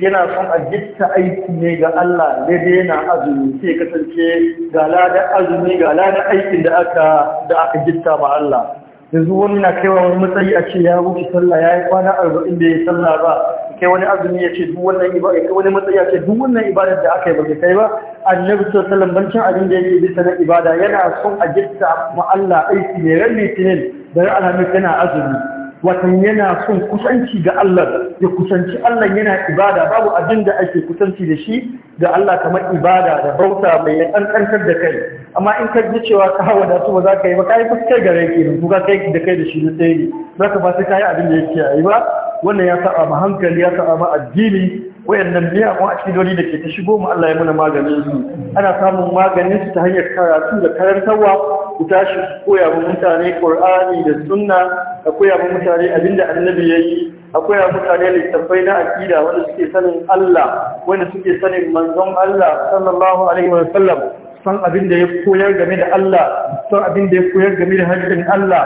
yana son a jitta aiki ne ga Allah daidai yana azumi sai kasance ga ladan azumi ga ladan aikin da aka da aka jitta ma Allah yanzu wani na kaiwa wani matsayi a ce ya wuce sallah ya yi kwana arba'in da ya sallah ba kai wani azumi ya ce duk wannan ibada kai wani matsayi ya ce duk wannan ibadar da aka yi ba kai ba annabi sallallahu alaihi wasallam bancin abin da yake bisa na ibada yana son a jitta ma Allah aiki ne ran litinin da ran alhamis yana azumi watan yana son kusanci ga Allah ya kusanci Allah yana ibada babu abin da ake kusanci da shi ga Allah kamar ibada da bauta mai ya kankantar da kai amma in ka ji cewa ka hawa da su ba za ka yi ba kai fuskar gare ke da kai da kai da shi na tsaye ne za ka ba su kayi abin da yake yi ba wannan ya sa ma hankali ya saba ma addini wayannan miyagun akidori da ke ta shigo mu Allah ya muna maganin su ana samun maganin su ta hanyar karatu da karantarwa ku tashi koya wa mutane Qur'ani da Sunna ka koya wa mutane abinda annabi koya akwai mutane littattafai na akida wanda suke sanin Allah wanda suke sanin manzon Allah sallallahu alaihi wa sallam san abinda ya koyar game da Allah san abinda ya koyar game da haƙƙin Allah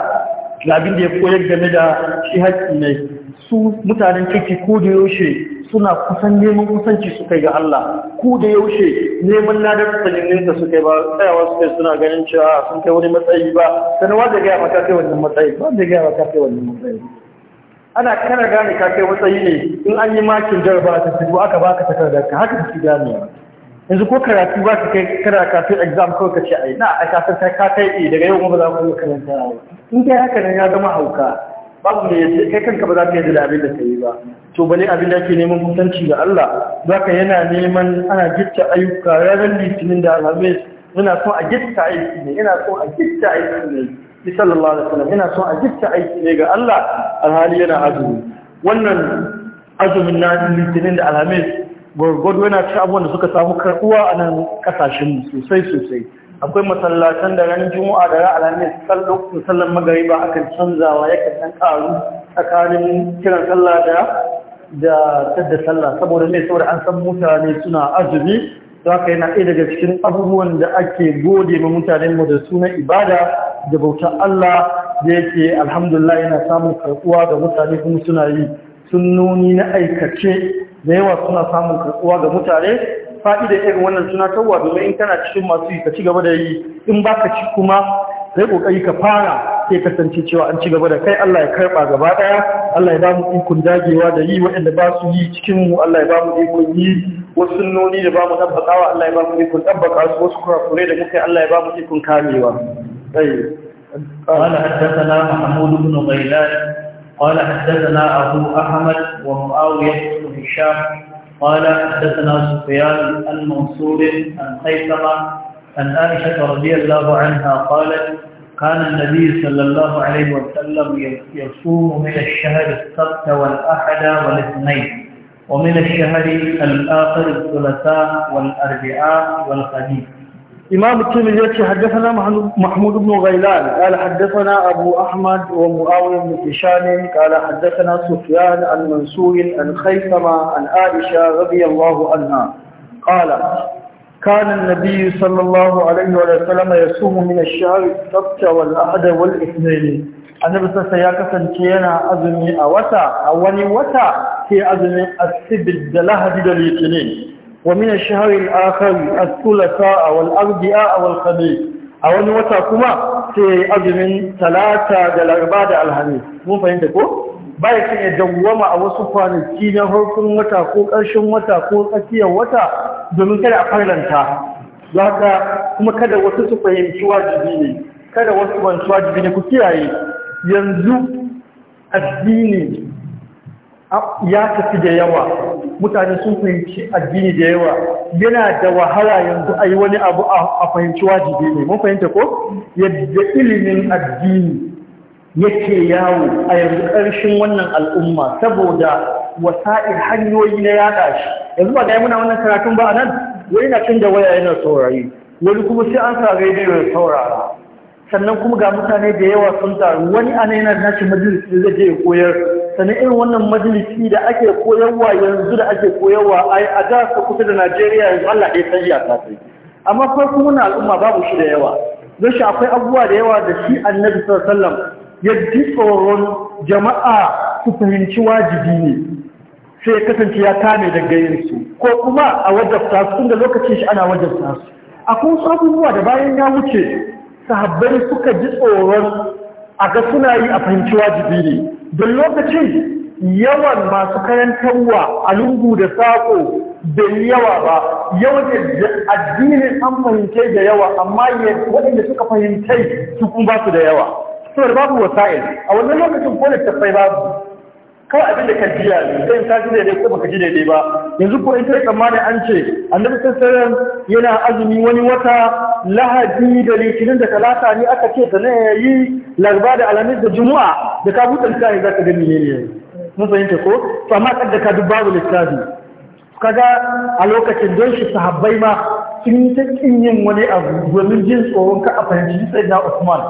da abinda ya koyar game da shi haƙƙi ne su mutanen kike ko da yaushe suna kusan neman kusanci kai ga Allah ku da yaushe neman nadar sanyanninsa su yi ba tsayawa kai suna ganin cewa sun kai wani matsayi ba sanarwa da gaya maka kai wannan matsayi ba da gaya maka kai wannan matsayi ana kana gane ka kai matsayi ne in an yi makin jarba ta fito aka baka takarda, ka haka kake gane yanzu ko karatu ba ka kai kana kafin exam kawai ka ce ai na a kasar ka kai daga yau kuma ba za ku karanta in kai haka ne ya zama hauka babu mai yadda kai kanka ba za ka yi da abin da ka yi ba to ba ne abin da ke neman kusanci ga Allah za ka yana neman ana gitta ayyuka ranar litinin da alhamis muna so a gitta aiki ne yana so a gitta aiki ne bi sallallahu alaihi wasallam yana so a gitta aiki ne ga Allah alhali yana azumi wannan azumin na litinin da alhamis gwargwado yana ci abubuwan da suka samu karɓuwa a nan ƙasashen sosai sosai akwai masallatan da ran juma'a da ran alhamis sallo musallan magariba kan canzawa yakan dan karu tsakanin kiran sallah da da tadda sallah saboda ne saboda an san mutane suna azumi to haka yana ɗaya daga cikin abubuwan da ake gode ma mutanen mu da sunan ibada da bautar Allah da yake alhamdulillah yana samun karɓuwa ga mutane kuma suna yi sunnoni na aikace da yawa suna samun karɓuwa ga mutane fa'idar irin wannan suna tawa domin in kana cikin masu yi ka ci gaba da yi in ba ka ci kuma sai kokari ka fara sai kasance cewa an ci gaba da kai Allah ya karba gaba daya Allah ya ba mu ikon dagewa da yi waɗanda ba su yi cikin mu Allah ya ba mu ikon yi wasu sunnoni da ba mu tabbatawa Allah ya ba mu ikon tabbaka su wasu kurakure da muka Allah ya ba mu ikon kamewa قال حدثنا محمود بن غيلان قال حدثنا أبو أحمد ومعاوية بن هشام قال حدثنا سفيان عن منصور عن خيثمة عن عائشة رضي الله عنها قالت كان النبي صلى الله عليه وسلم يصوم من الشهر السبت والأحد والاثنين ومن الشهر الآخر الثلاثاء والأربعاء والخميس إمام الترمذي حدثنا محمود بن غيلان قال حدثنا أبو أحمد ومعاوية بن هشام قال حدثنا سفيان عن منصور عن خيثمة عن عائشة رضي الله عنها قال كان النبي صلى الله عليه وسلم يصوم من الشهر السبت والأحد والإثنين annabi sassa ya kasance yana azumi a wata a wani wata sai azumin asibit da lahadi da litinin ومن الشهر الآخر الثلاثاء والأربعاء والخميس a wani wata kuma sai azumin talata da laraba da alhamis mun fahimta ko baya cin ya dawwama a wasu kwanaki na harkun wata ko ƙarshen wata ko tsakiyar wata domin kada a farlanta haka kuma kada wasu su fahimci wajibi ne kada wasu ban wajibi ne ku kiyaye yanzu addini ya tafi da yawa mutane sun fahimci addini da yawa yana da wahala yanzu a yi wani abu a fahimci wajibi ne mun fahimta ko yadda ilimin addini yake yawo a yanzu ƙarshen wannan al'umma saboda wasa'ir hanyoyi na yaɗa shi yanzu ba ga muna wannan karatun ba a nan wani na cin da waya yana saurari wani kuma sai an sa rediyo ya saurara sannan kuma ga mutane da yawa sun taru wani ana yana nashi majalisi zai je koyar sannan irin wannan majalisi da ake koyarwa yanzu da ake koyarwa ai a da su kusa da Najeriya yanzu Allah ya san iya sai amma kai kuma na al'umma babu shi da yawa don shi akwai abubuwa da yawa da shi annabi sallallahu alaihi wasallam ya ji jama'a su fahimci wajibi ne sai ya kasance ya kame da gayensu. ko kuma a wajabta su inda lokacin shi ana wajabta su akwai wasu abubuwa da bayan ya wuce sahabbai suka ji tsoron a ga suna yi a fahimci wajibi ne don lokacin yawan masu kayan karantarwa a lungu da saƙo bai yawa ba yawan addinin an fahimce da yawa amma waɗanda suka fahimtai su kuma su da yawa saboda babu wasa'il a wannan lokacin ko littattafai babu ko abin da ka jiya ne sai ka ji daidai ko baka ji daidai ba yanzu ko in kai tsammani an ce annabi sallallahu yana azumi wani wata lahadi da litinin da talata ne aka ce da ne yayi larba da alhamis da juma'a da ka buɗe lissafi zaka ga menene ne mun fahimta ko to amma da ka duk babu littafi. kaga a lokacin don shi sahabbai ma sun yi ta yin wani abu domin jin tsoron ka a fahimci sai na Usman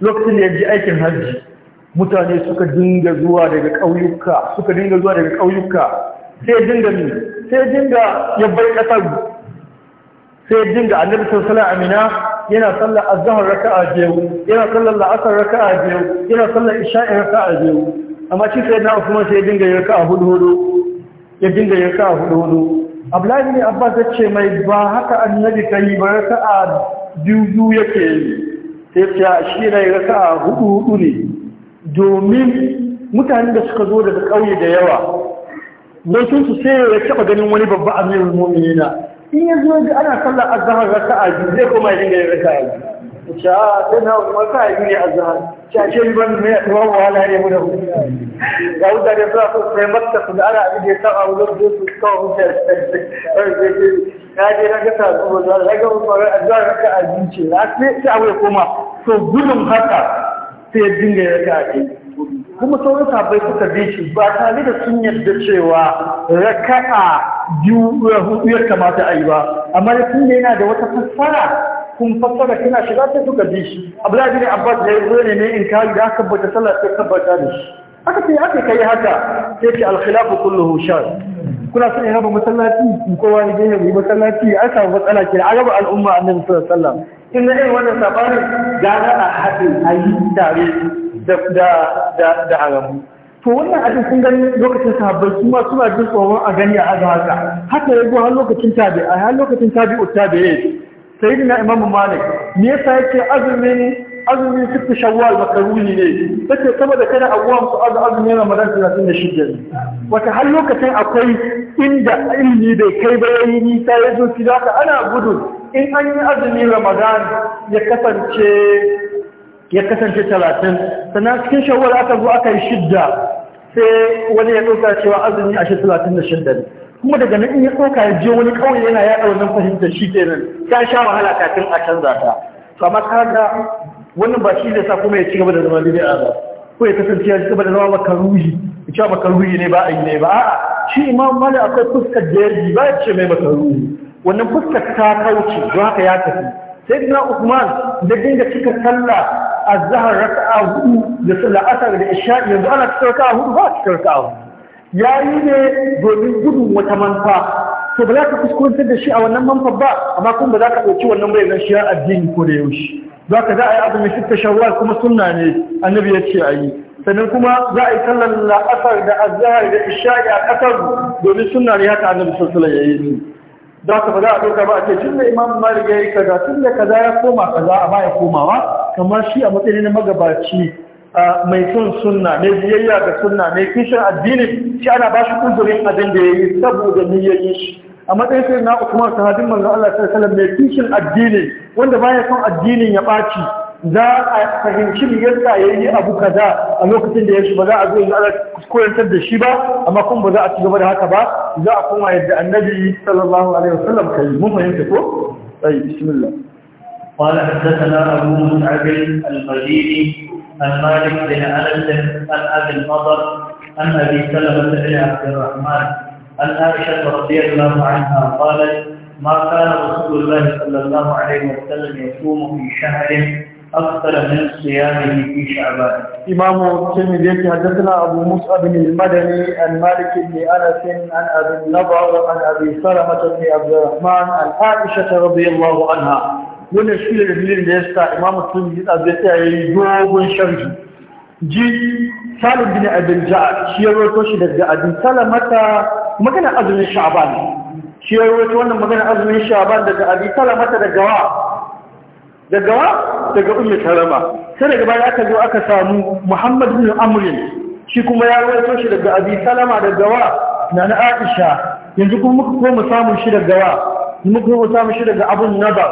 lokacin da ya ji aikin hajji mutane suka dinga zuwa daga ƙauyuka suka dinga zuwa daga ƙauyuka sai dinga ne sai dinga yabbar ƙasar sai dinga annabi sallallahu amina yana sallar azhar raka'a biyu yana sallar la'asar raka'a biyu yana sallar isha'i raka'a biyu amma shi sai na kuma sai dinga yin raka'a hudu hudu ya dinga yin raka'a hudu hudu Abdullahi ne Abbas ya ce mai ba haka annabi kai ba raka'a biyu biyu yake yi sai ya shi ne raka'a hudu hudu ne domin mutanen da suka zo daga ƙauye da yawa sun su sai ya taɓa ganin wani babba amirul mu'minina in ya zo ana ana sallar azhar raka'a biyu zai koma ya gari raka raka'a biyu ta ah, na ka yi ne ce ban me ba wala ne mu da ga wuta da ko sai makka da ana abin da ta aure da su ka wuta ka je na ga ta ko zuwa, ga umar azhar raka'a biyu ce na sai abu ya koma to gudun haka sai ya dinga ya raka kuma sauran sabai suka bi shi ba tare da sun yarda cewa raka'a biyu eh, hudu ya kamata a yi ba amma da tun yana da wata fassara kun fassara kina shiga sai suka bi shi abdullahi bin abbas ya zo ne ne in kai da aka bata sallah sai ka bata da shi aka ce aka kai haka sai ce al-khilafu kulluhu shar kuna son ya raba masallaci kowa ne ya yi masallaci aka matsala ke a raba al'umma annabi sallallahu alaihi wasallam in na irin wannan sabanin gana a haɗin a yi tare da haramu to wannan abin kun gani lokacin sahabbai su masu suna jin tsoron a gani a haka haka haka ya har lokacin tabi a har lokacin tabi utabe sai na imamu malik me yasa yake azumin azumin sittu shawwal makaruhi ne take saboda kada abuwan su azu azumin ramadan 36 ne wata har lokacin akwai inda ilimi bai kai ba yayi nisa ya zo ki zaka ana gudu in an yi azumin ramadan ya kasance ya kasance 30 sannan cikin shawwal aka zo aka yi shidda sai wani ya dauka cewa azumi a shi 36 ne kuma daga nan in ya tsoka ya je wani kawai yana yaɗa wannan fahimta shi kenan Ya sha wahala kafin a canza ta to amma wannan ba shi zai sa kuma ya ci gaba da zama bid'a ba ko ya kasance ya ci gaba da zama makaruhi ya ce makaruhi ne ba a yi ne ba a'a shi imam malik akwai fuskar da yaji ba ya ce mai makaruhi wannan fuskar ta kauce don haka ya tafi sai sayyidina usman da dinga cika a azhar raka'a hudu da sallah asar da isha yanzu ana cikin a hudu ba cikin raka'a hudu yayi ne domin gudun wata manfa to ba za ka kuskurantar da shi a wannan manfan ba amma kuma ba za ka ɗauki wannan bai shi ya addini ko da yaushe za ka za a yi azumi sitta shawar kuma sunna ne annabi ya ce a yi sannan kuma za a yi sallar la'asar da azhar da isha'i a ƙasar domin sunna ne haka annabi sallallahu alaihi wasallam ya yi za ka ba za a ɗauka ba a ce tun da imam malik ya yi kaza tun da kaza ya koma kaza a baya komawa kamar shi a matsayin na magabaci mai son sunna mai biyayya ga sunna mai kishin addini shi ana ba shi kuzurin abin da ya yi saboda ni ya yi shi a matsayin sai na Usman sahabin manzon Allah sallallahu alaihi wasallam mai kishin addini wanda baya son addinin ya ɓaci za a fahimci yadda ya yi abu kaza a lokacin da ya shi ba za a zo in Allah koyantar da shi ba amma kuma ba za a ci gaba da haka ba za a koma yadda annabi sallallahu alaihi wasallam kai mun fahimta ko ai bismillah قال حدثنا أبو مسعد المجيد عن مالك بن أنس عن أبي النضر عن أبي سلمة بن عبد الرحمن عن عائشة رضي الله عنها قالت ما كان رسول الله صلى الله عليه وسلم يصوم في شهر أكثر من صيامه في شعبان. إمام الترمذي حدثنا أبو موسى بن المدني عن مالك بن أنس عن أبي النضر عن أبي سلمة بن عبد الرحمن عن عائشة رضي الله عنها wannan shi ne dalilin da ya sa imam mutum ya tsaye tsaye yi dogon sharhi ji salim bin abin ja'a shi ya roto shi daga abin salamata magana azumin sha'ban shi ya roto wannan magana azumin sha'ban daga abin salamata daga wa daga wa daga ummu tarama sai daga baya aka zo aka samu muhammad bin amrin shi kuma ya roto shi daga abin salama daga wa na aisha yanzu kuma muka koma samun shi daga wa muka koma samun shi daga abun naba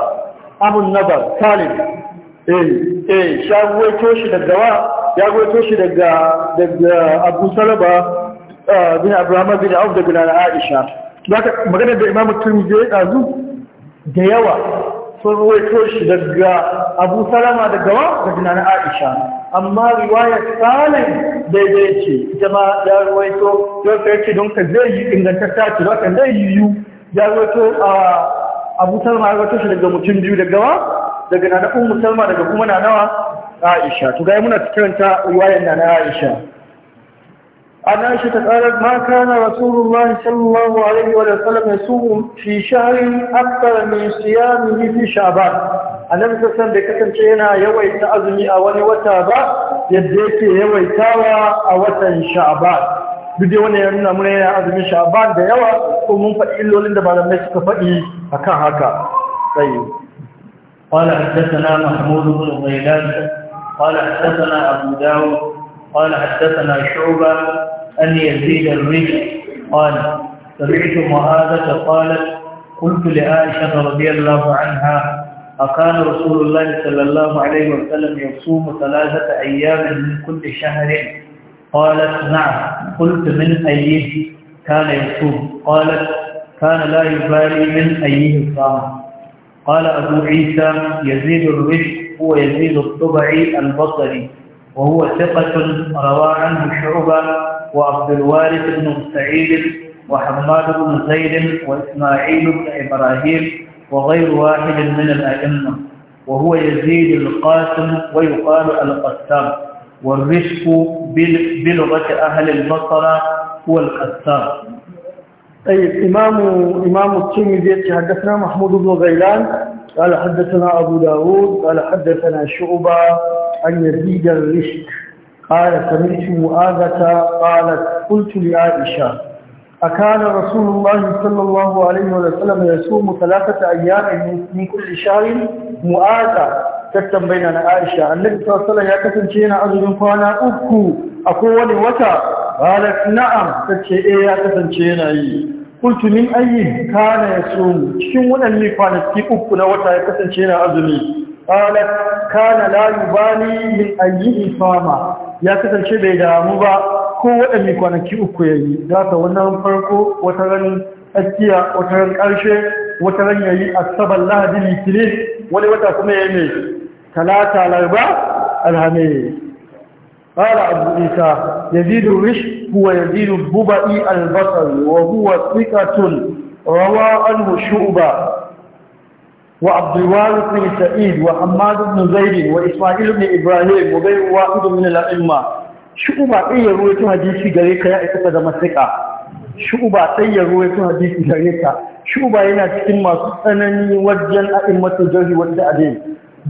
abun nazar talib eh, eh shi ruwaito shi daga wa ya to shi daga daga abu salaba eh, bin abraham bin auf daga nana aisha zaka magana da imamu turmizi ya dazu da yawa sun to shi daga abu salama daga wa daga nana aisha amma riwayar Salim daidai ce ita ma ya ruwaito yau sai ce don ka zai yi ingantatta ce ka zai yiwu ya ruwaito a ah, abu salma ya wato shi daga mutum biyu daga wa daga nana umu salma daga kuma nawa? aisha to ga muna karanta riwayar nana aisha ta عائشة maka ما كان رسول الله صلى الله عليه وسلم يصوم في شهر أكثر من صيامه في a annabi sassan da kasance yana yawaita azumi a wani wata ba yadda yake yawaitawa a watan sha'ban wannan nuna yana azumin sha'ban da yawa ko mun faɗi illolin da malamai suka faɗi akan haka sai قال حدثنا محمود بن غيلان قال حدثنا أبو داود قال حدثنا شعبة أن يزيد الرجل قال سمعت معاذة قالت قلت لعائشة رضي الله عنها أكان رسول الله صلى الله عليه وسلم يصوم ثلاثة أيام من كل شهر قالت نعم قلت من أيه كان يصوم قالت كان لا يبالي من أيه صام قال أبو عيسى يزيد الرشد هو يزيد الطبعي البصري وهو ثقة روى عنه شعبة وعبد الوارث بن سعيد وحماد بن زيد وإسماعيل بن إبراهيم وغير واحد من الأئمة وهو يزيد القاسم ويقال القسام والرفق بلغة أهل البصرة هو القسام طيب إمام إمام الترمذي حدثنا محمود بن غيلان قال حدثنا أبو داود قال حدثنا شعبة عن يزيد الرشد قال سمعت مؤاذة قالت قلت لعائشة أكان رسول الله صلى الله عليه وسلم يصوم ثلاثة أيام من كل شهر مؤاذة tattambayi na Aisha annabi sallallahu ya kasance yana azumin kwana uku a kowane wata qalat na'am tace eh ya kasance yana yi kuntu min ayyi kana yasum cikin wadanne kwanaki uku na wata ya kasance yana azumi qalat kana la yubali min ayyi fama ya kasance bai damu ba ko wadanne kwanaki uku yayi zaka wannan farko wata ran tsakiya wata karshe wata ranar asabar Lahadi Litinin, wani wata kuma ya ne talata larba alhame ƙara abu isa ya rish kuwa ya zidu buba'i albasar wa huwa tsikatun rawa an shuba wa abdulwaru bin sa'id wa hamadu bin zaidi wa Isma'il bin ibrahim wa bai wa'idu min al'imma shuba ɗin ya ruwa ta hadisi gare ka ya aikata da masika shuba sai ya ta hadisi gare ka shuba yana cikin masu tsanani wajen a'immatu jahi wanda adil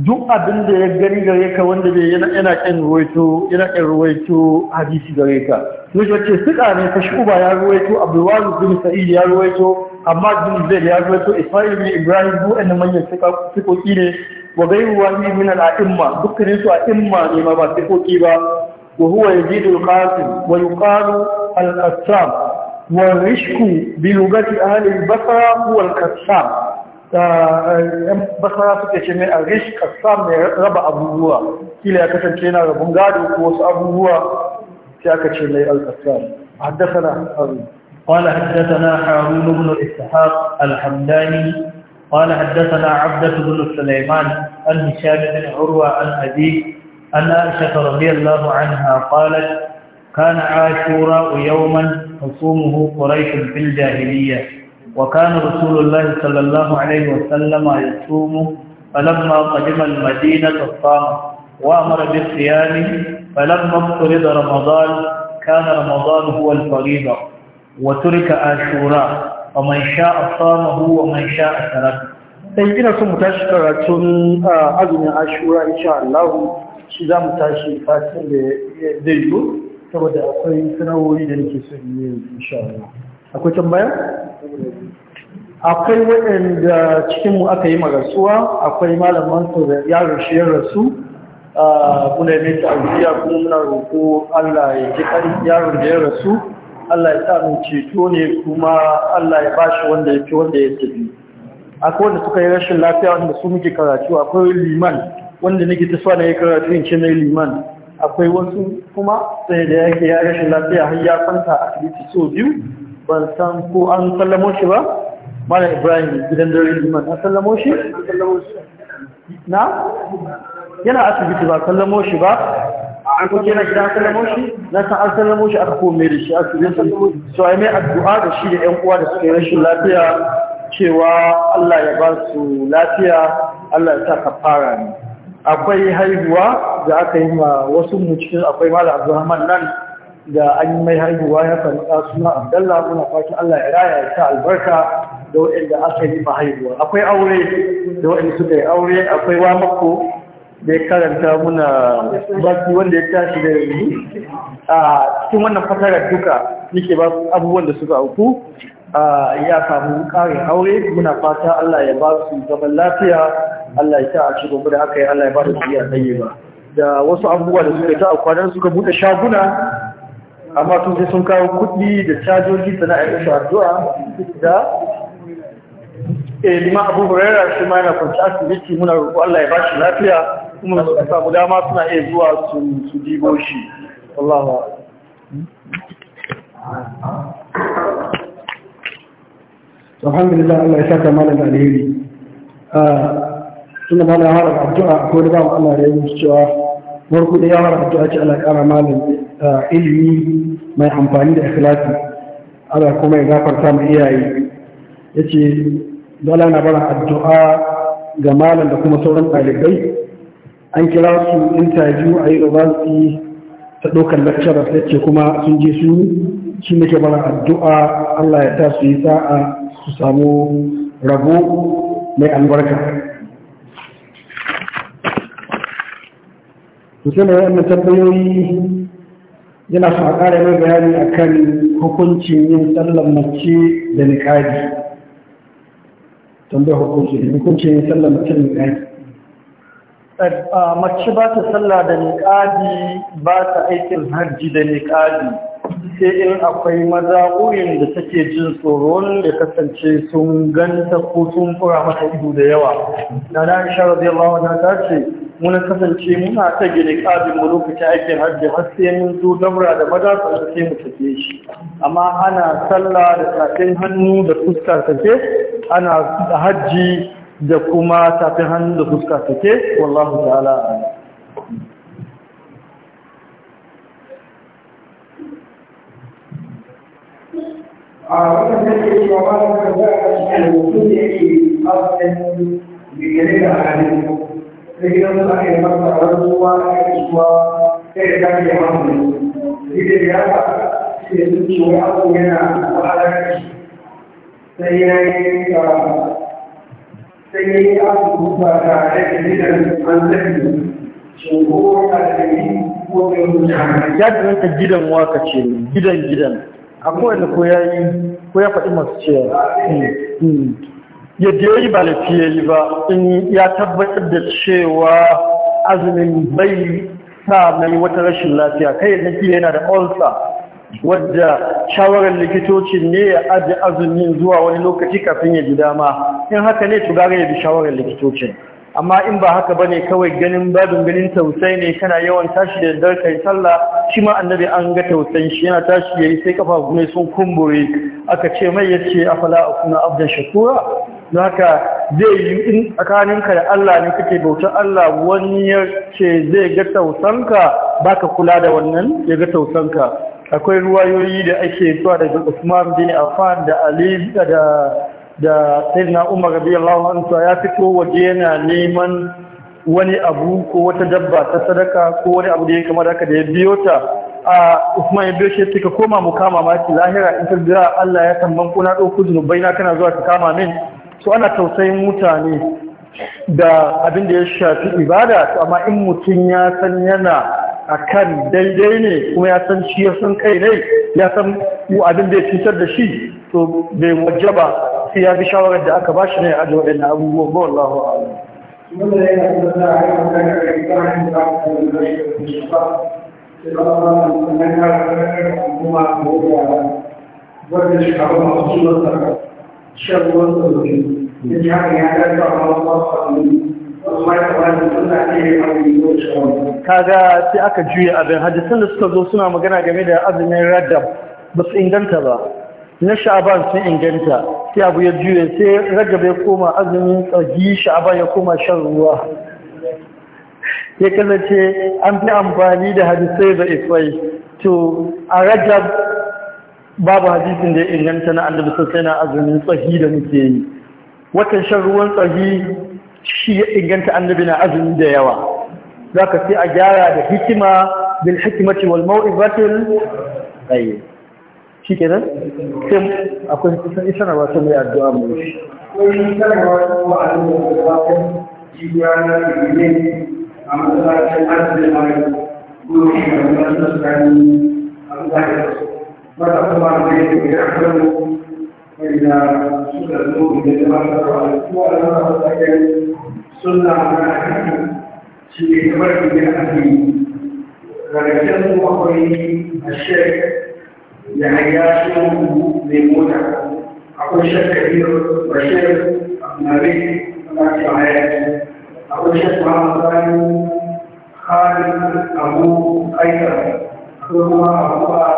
duk abin da ya gani gare ka wanda bai yana yana kan ruwaito yana ruwaito hadisi gare ka yace wace suka ne ta shuba ya ruwaito abdulwahid bin sa'id ya ruwaito amma bin zaid ya ruwaito Isra'il bin ibrahim duk wannan manyan suka sukoki ne wa gairuwa min al-a'imma dukkanin su a'imma ne ma ba sukoki ba wa huwa yazidul qasim wa yuqalu al qasam والرشك بلغة أهل البصرة هو الكسام بصرة تتشمع الرشك كسام arish kassam mai raba abubuwa kila ya kasance yana rabin gado ko wasu قال حدثنا حارون بن إسحاق الحمداني قال حدثنا عبدة بن سليمان عن هشام بن عروة عن أبيه أن عائشة رضي الله عنها قالت كان عاشوراء يوما خصومه قريش في الجاهلية وكان رسول الله صلى الله عليه وسلم يصوم فلما قدم المدينة الصام وأمر بالصيام فلما افترض رمضان كان رمضان هو الفريضة وترك آشوراء ومن شاء صامه ومن شاء تركه sai ina so mu tashi karatun azumin ashura insha Allah shi za mu tashi fatin da zai yi saboda akwai sana'o'i da nake so in yi insha Allah akwai tambaya akwai waɗanda cikin mu aka yi magasuwa akwai malaman su da yaro shi ya rasu muna yi ta'aziyya kuma muna roƙo Allah ya ji ƙarfi yaron da ya rasu Allah ya sa mu ceto ne kuma Allah ya bashi wanda ya fi wanda ya tafi akwai wanda suka yi rashin lafiya wanda su muke karatu akwai liman wanda nake ta sa na yi karatu in ce na liman akwai wasu kuma sai da yake ya rashin lafiya har ya kwanta a asibiti so biyu ban san ko an sallamo shi ba malam ibrahim gidan dare liman an sallamo shi na yana asibiti ba sallamo shi ba an kuke na gidan sallamo shi na san an sallamo shi aka kome da shi asibiti so ai mai addu'a da shi da yan uwa da suke yi rashin lafiya cewa Allah ya ba su lafiya Allah ya sa kafara ne akwai haihuwa da aka yi ma wasu mu cikin akwai mala abdurrahman nan da an yi mai haihuwa ya kan suna abdalla muna fashin allah ya raya ya albarka da waɗanda aka yi ma haihuwa akwai aure da waɗanda suka yi aure akwai wa mako da ya karanta muna baki wanda ya tashi da yanzu a cikin wannan fatarar duka nike ba abubuwan da suka auku ya samu karin aure muna fata Allah ya ba su zaman lafiya Allah ya ta a cikin da aka yi Allah ya ba da su a tsaye ba da wasu abubuwa da suka ta a kwanan suka buɗe shaguna amma sun sai sun kawo kuɗi da cajoji sana'a da addu'a da eh lima abu hurairah shi ma yana kwanci asibiti muna roƙo Allah ya ba shi lafiya kuma suka samu dama suna iya zuwa su su dibo shi wallahu alhamdulillah Allah ya saka malam alheri ah, tunda malam har addu'a ko da ba mu Allah da yi cewa farko da yawar addu'a ce Allah kara malam ah, ilimi mai amfani da ikhlasi Allah kuma ya gafarta mu iyaye yace dole na bara addu'a ga malam da kuma sauran ɗalibai an kira su interview a yi obansi ta ɗaukar lecturer ta ce kuma sun je su shi ke bara addu'a Allah ya ta su yi sa'a su samu rabo mai albarka to sai mai tambayoyi yana so a ƙara mai bayani kan hukuncin yin sallan mace da niƙadi tambayar hukuncin yin sallan mace da niƙadi mace ba ta sallah da niƙadi ba ta aikin hajji da niƙadi sai in akwai maza wurin da take jin tsoron da kasance sun ganta ko sun fura mata ido da yawa na na isha radiyallahu anha ta ce muna kasance muna ta gini ƙadin mu lokaci aikin hajji har sai mun zo dabra da maza su sai mu tafi shi amma ana sallah da tafin hannu da fuskar tafe ana hajji da kuma tafin hannu da fuska take wallahu ta'ala a wannan da ke da a cikin da ake ake wani abu yi ah, sai ya yi abu ba tare da gidan annabi shingo da gari ko mai mutane ya danta gidan waka ce gidan gidan a da ko ya yi ko ya faɗi masu cewa hmm, hmm. yadda ya yi ba lafiya yi ba in ya tabbatar da cewa azumin bai sa mai wata rashin lafiya kai yadda yana da ulcer wadda shawarar likitocin ne ya ajiye azumin zuwa wani lokaci kafin ya ji dama in haka ne tugara ya bi shawarar likitocin amma in ba haka ba ne kawai ganin babin ganin tausai ne kana yawan tashi da dar kai sallah shi ma annabi an ga tausayin shi yana tashi yayi sai kafa ne sun kumbure aka ce mai yace afala akuna abdan shakura haka zai yi in ka da Allah ne kake bautar Allah wani ya ce zai ga tausanka baka kula da wannan ya ga tausanka akwai ruwayoyi da ake zuwa daga Usman bin Affan da Ali da da Sayyidina Umar radiyallahu anhu ya fito waje yana neman wani abu ko wata dabba ta sadaka ko wani abu da ya kamar haka da ya biyo ta a Usman ya biyo shi ka koma mu kama maki lahira in ta Allah ya tamban na ɗauko zunubai na kana zuwa ka kama min so ana tausayin mutane da abin da ya shafi ibada to amma in mutum ya san yana a kan daidai ne kuma ya san shi ya san kai ne ya san abin da ya cutar da shi to bai wajaba sai ya fi shawarar da aka bashi ne a ajiye waɗannan abubuwa ba wallahu a'lam wanda ya a wasu kaga sai aka juya abin hadisan da suka zo suna magana game da azumin radab ba su inganta ba na sha'aban sun inganta sai abu ya juya sai ragaba ya koma azumin tsagi sha'aban ya koma shan ruwa ya kallace an fi amfani da hadisai ba ifai to a rajab babu hadisin da ya inganta na annabi sallallahu alaihi wasallam azumin tsahi da muke yi wata sharuwan tsahi shi ya inganta annabi na azumi da yawa za sai a gyara da hikima bil hikimati wal mau'izatil tsaye shi sai akwai kusan isa na wasu mai addu'a mu shi a masallacin arzikin a yau, kuma shi ne a masallacin arzikin وتقوم بيعلم وإذا سئل النور يتبصر على الصور ولكن سنة على في تبرك بأهله ولكن أخوي الشيخ يعياش لمنى أقول شيخ كبير وشيخ نبي الله تعالى أقول شيخ محمد خالد أبو أيضا أقول الله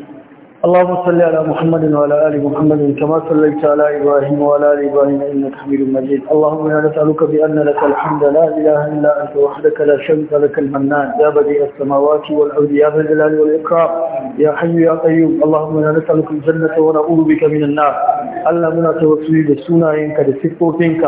اللهم صل على محمد وعلى ال محمد كما صليت على ابراهيم وعلى ال ابراهيم انك حميد مجيد اللهم انا نسالك بان لك الحمد لا اله الا انت وحدك لا شريك لك المنان يا بديع السماوات والارض يا ذا الجلال والاكرام يا حي يا قيوم اللهم انا نسالك الجنه ونعوذ بك من النار اللهم انا توسلي بسنانك بصفاتك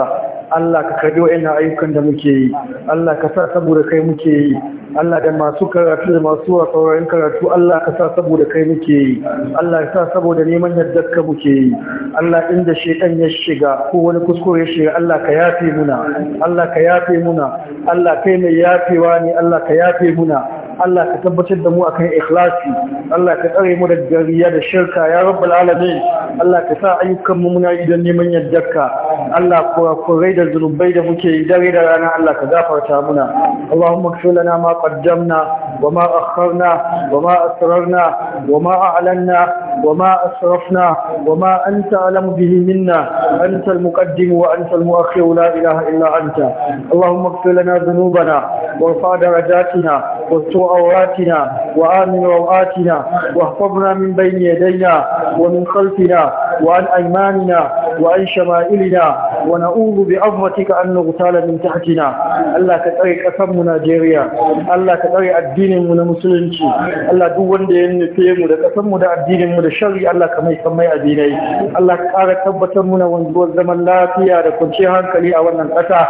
Allah ka karbi wa'annan ayyukan da muke yi Allah ka sa saboda kai muke yi Allah da masu karatu da masu wa saurayin karatu Allah ka sa saboda kai muke yi Allah ka sa saboda neman ka muke yi Allah inda shekan ya shiga ko wani kuskure ya shiga Allah ka yafe muna Allah ka yafe muna Allah kai mai yafewa ne Allah ka yafe muna Allah ka tabbatar da mu akan ikhlasi Allah ka tsare mu daga riya da shirka ya rabbal alamin Allah ka sa ayyukan mu muna idan neman yaddarka Allah kurakurai da zunubai da muke yi dare da rana Allah ka gafarta muna Allahumma kfir lana ma qaddamna wa ma akharna wa ma asrarna wa ma a'lanna wa ma asrafna wa ma anta alamu bihi minna anta al-muqaddim wa anta al-mu'akhir la ilaha illa anta Allahumma kfir lana dhunubana warfa darajatina wa عوراتنا وآمن روآتنا واحفظنا من بين يدينا ومن خلفنا وعن أيماننا وعن شمائلنا ونعوذ بعظمتك أن نغتال من تحتنا الله كتري قسمنا جيريا الله كتري الدين من مسلمتي الله دوان دين فيهم دا قسمنا الدين من الشر الله كما يسمي أديني الله كارا تبتمنا وانزوى الزمن لا فيا دا كنشي هانكلي أولا قطع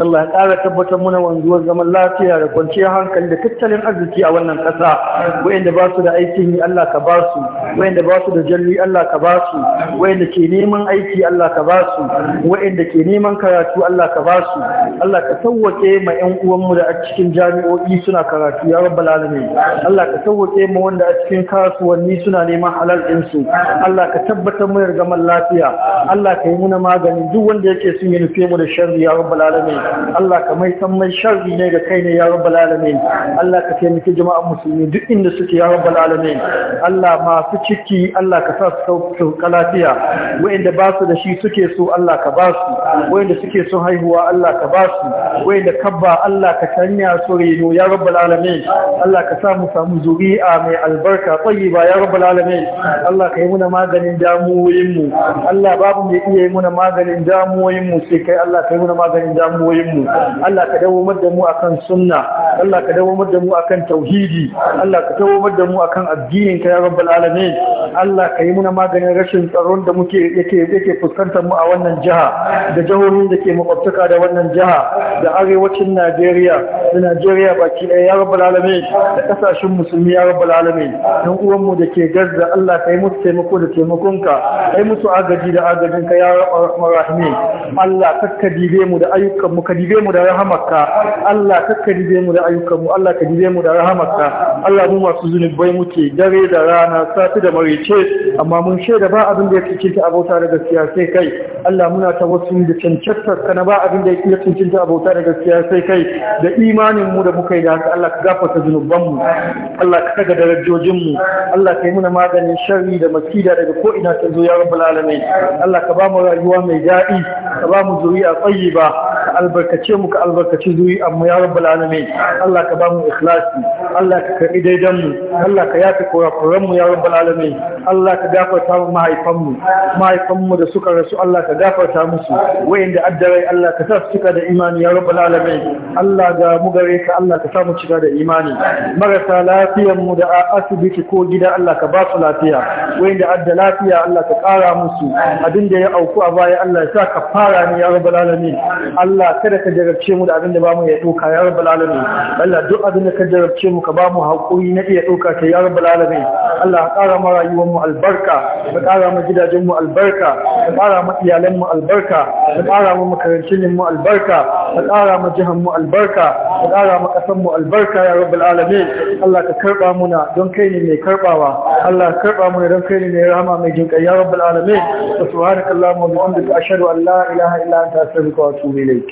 الله كارا تبتمنا وانزوى الزمن لا فيا دا كنشي هانكلي دا كتل tattalin arziki a wannan ƙasa wayanda ba su da aikin yi Allah ka ba su wayanda ba su da jalli Allah ka ba su wayanda ke neman aiki Allah ka ba su wayanda ke neman karatu Allah ka ba su Allah ka sauwake ma ƴan uwanmu da a cikin jami'o'i suna karatu ya rabbal alamin Allah ka sauwake ma wanda a cikin kasuwanni suna neman halal din su Allah ka tabbatar mu da zaman lafiya Allah ka yi muna maganin duk wanda yake sun yi nufe mu da sharri ya rabbal alamin Allah ka mai san mai sharri ne ga kai ne ya rabbal alamin Allah Allah ka taimaki jama'an musulmi duk inda suke ya rabbal alamin Allah masu ciki Allah ka sa su sauka lafiya wayanda ba su da shi suke so Allah ka ba su wayanda suke son haihuwa Allah ka ba su wayanda kabba Allah ka canya su reno ya rabbal alamin Allah ka sa mu samu zuri'a mai albarka tayyiba ya rabbal alamin Allah ka yi muna maganin damuwoyin mu Allah babu mai iya yi muna maganin damuwoyin mu sai kai Allah ka yi muna maganin damuwoyin mu Allah ka dawo mu da mu akan sunna Allah ka dawo mu da mu akan tauhidi Allah ka tawamar da mu akan addinin ka ya rabbal alamin Allah ka yi muna maganin rashin tsaron da muke yake yake fuskantar mu a wannan jiha da jahohin da ke makwabtaka da wannan jiha da arewacin Najeriya da Najeriya baki ɗaya ya rabu lalame da ƙasashen musulmi ya rabu lalame don uwanmu da ke gazza Allah yi musu taimako da taimakonka yi musu agaji da agajin ka ya rabu marahime Allah ka dibe mu da ayyukan mu ka dibe mu da rahamarka Allah ka dibe mu da ayyukan mu Allah ka dibe mu da rahamarka Allah mu masu zunubai muke dare da rana safi da marice amma mun shaida ba abin da ya cikin abota da gaskiya sai kai Allah muna tawassul da cancantar ka na ba abin da ya cikin abota da gaskiya sai kai da iman. imanin mu da muka yi da Allah ka gafarta zunuban mu Allah ka daga darajojin mu Allah ka yi muna maganin sharri da makida daga ko ina ta zo ya rabbul alamin Allah ka ba mu rayuwa mai daɗi ka ba mu zuriya tayyiba ka albarkace mu ka albarkaci zuriya mu ya rabbul alamin Allah ka ba mu ikhlasi Allah ka karbi daidan mu Allah ka yafi kurakuran mu ya rabbul alamin Allah ka gafarta mu mahaifan mu mahaifan mu da suka rasu Allah ka gafarta musu wayanda addarai Allah ka sa suka da imani ya rabbul alamin Allah ga mu gare ka Allah ka samu shiga da imani marasa lafiyan mu da asibiti ko gida Allah ka ba su lafiya wanda adda lafiya Allah ka kara musu abin da ya auku a baya Allah ya sa ka fara ni ya rabbal alamin Allah kada ka jarabce mu da abin da ba mu ya doka ya rabbal alamin Allah duk abin da ka jarabce mu ka ba mu hakuri na iya doka ta ya rabbal alamin Allah kara mu rayuwar mu albarka ka kara mu gidajen mu albarka ka kara mu iyalan mu albarka ka kara mu makarantun mu albarka ka kara mu jihan mu albarka ka ƙara maka san mu albarka ya rabbal alamin Allah ka karba muna don kai ne mai karbawa Allah ka karba muna don kai ne mai rahama mai jin ya rabbal alamin wa subhanakallahumma wa bihamdika ashhadu an la ilaha illa anta astaghfiruka wa atubu ilayk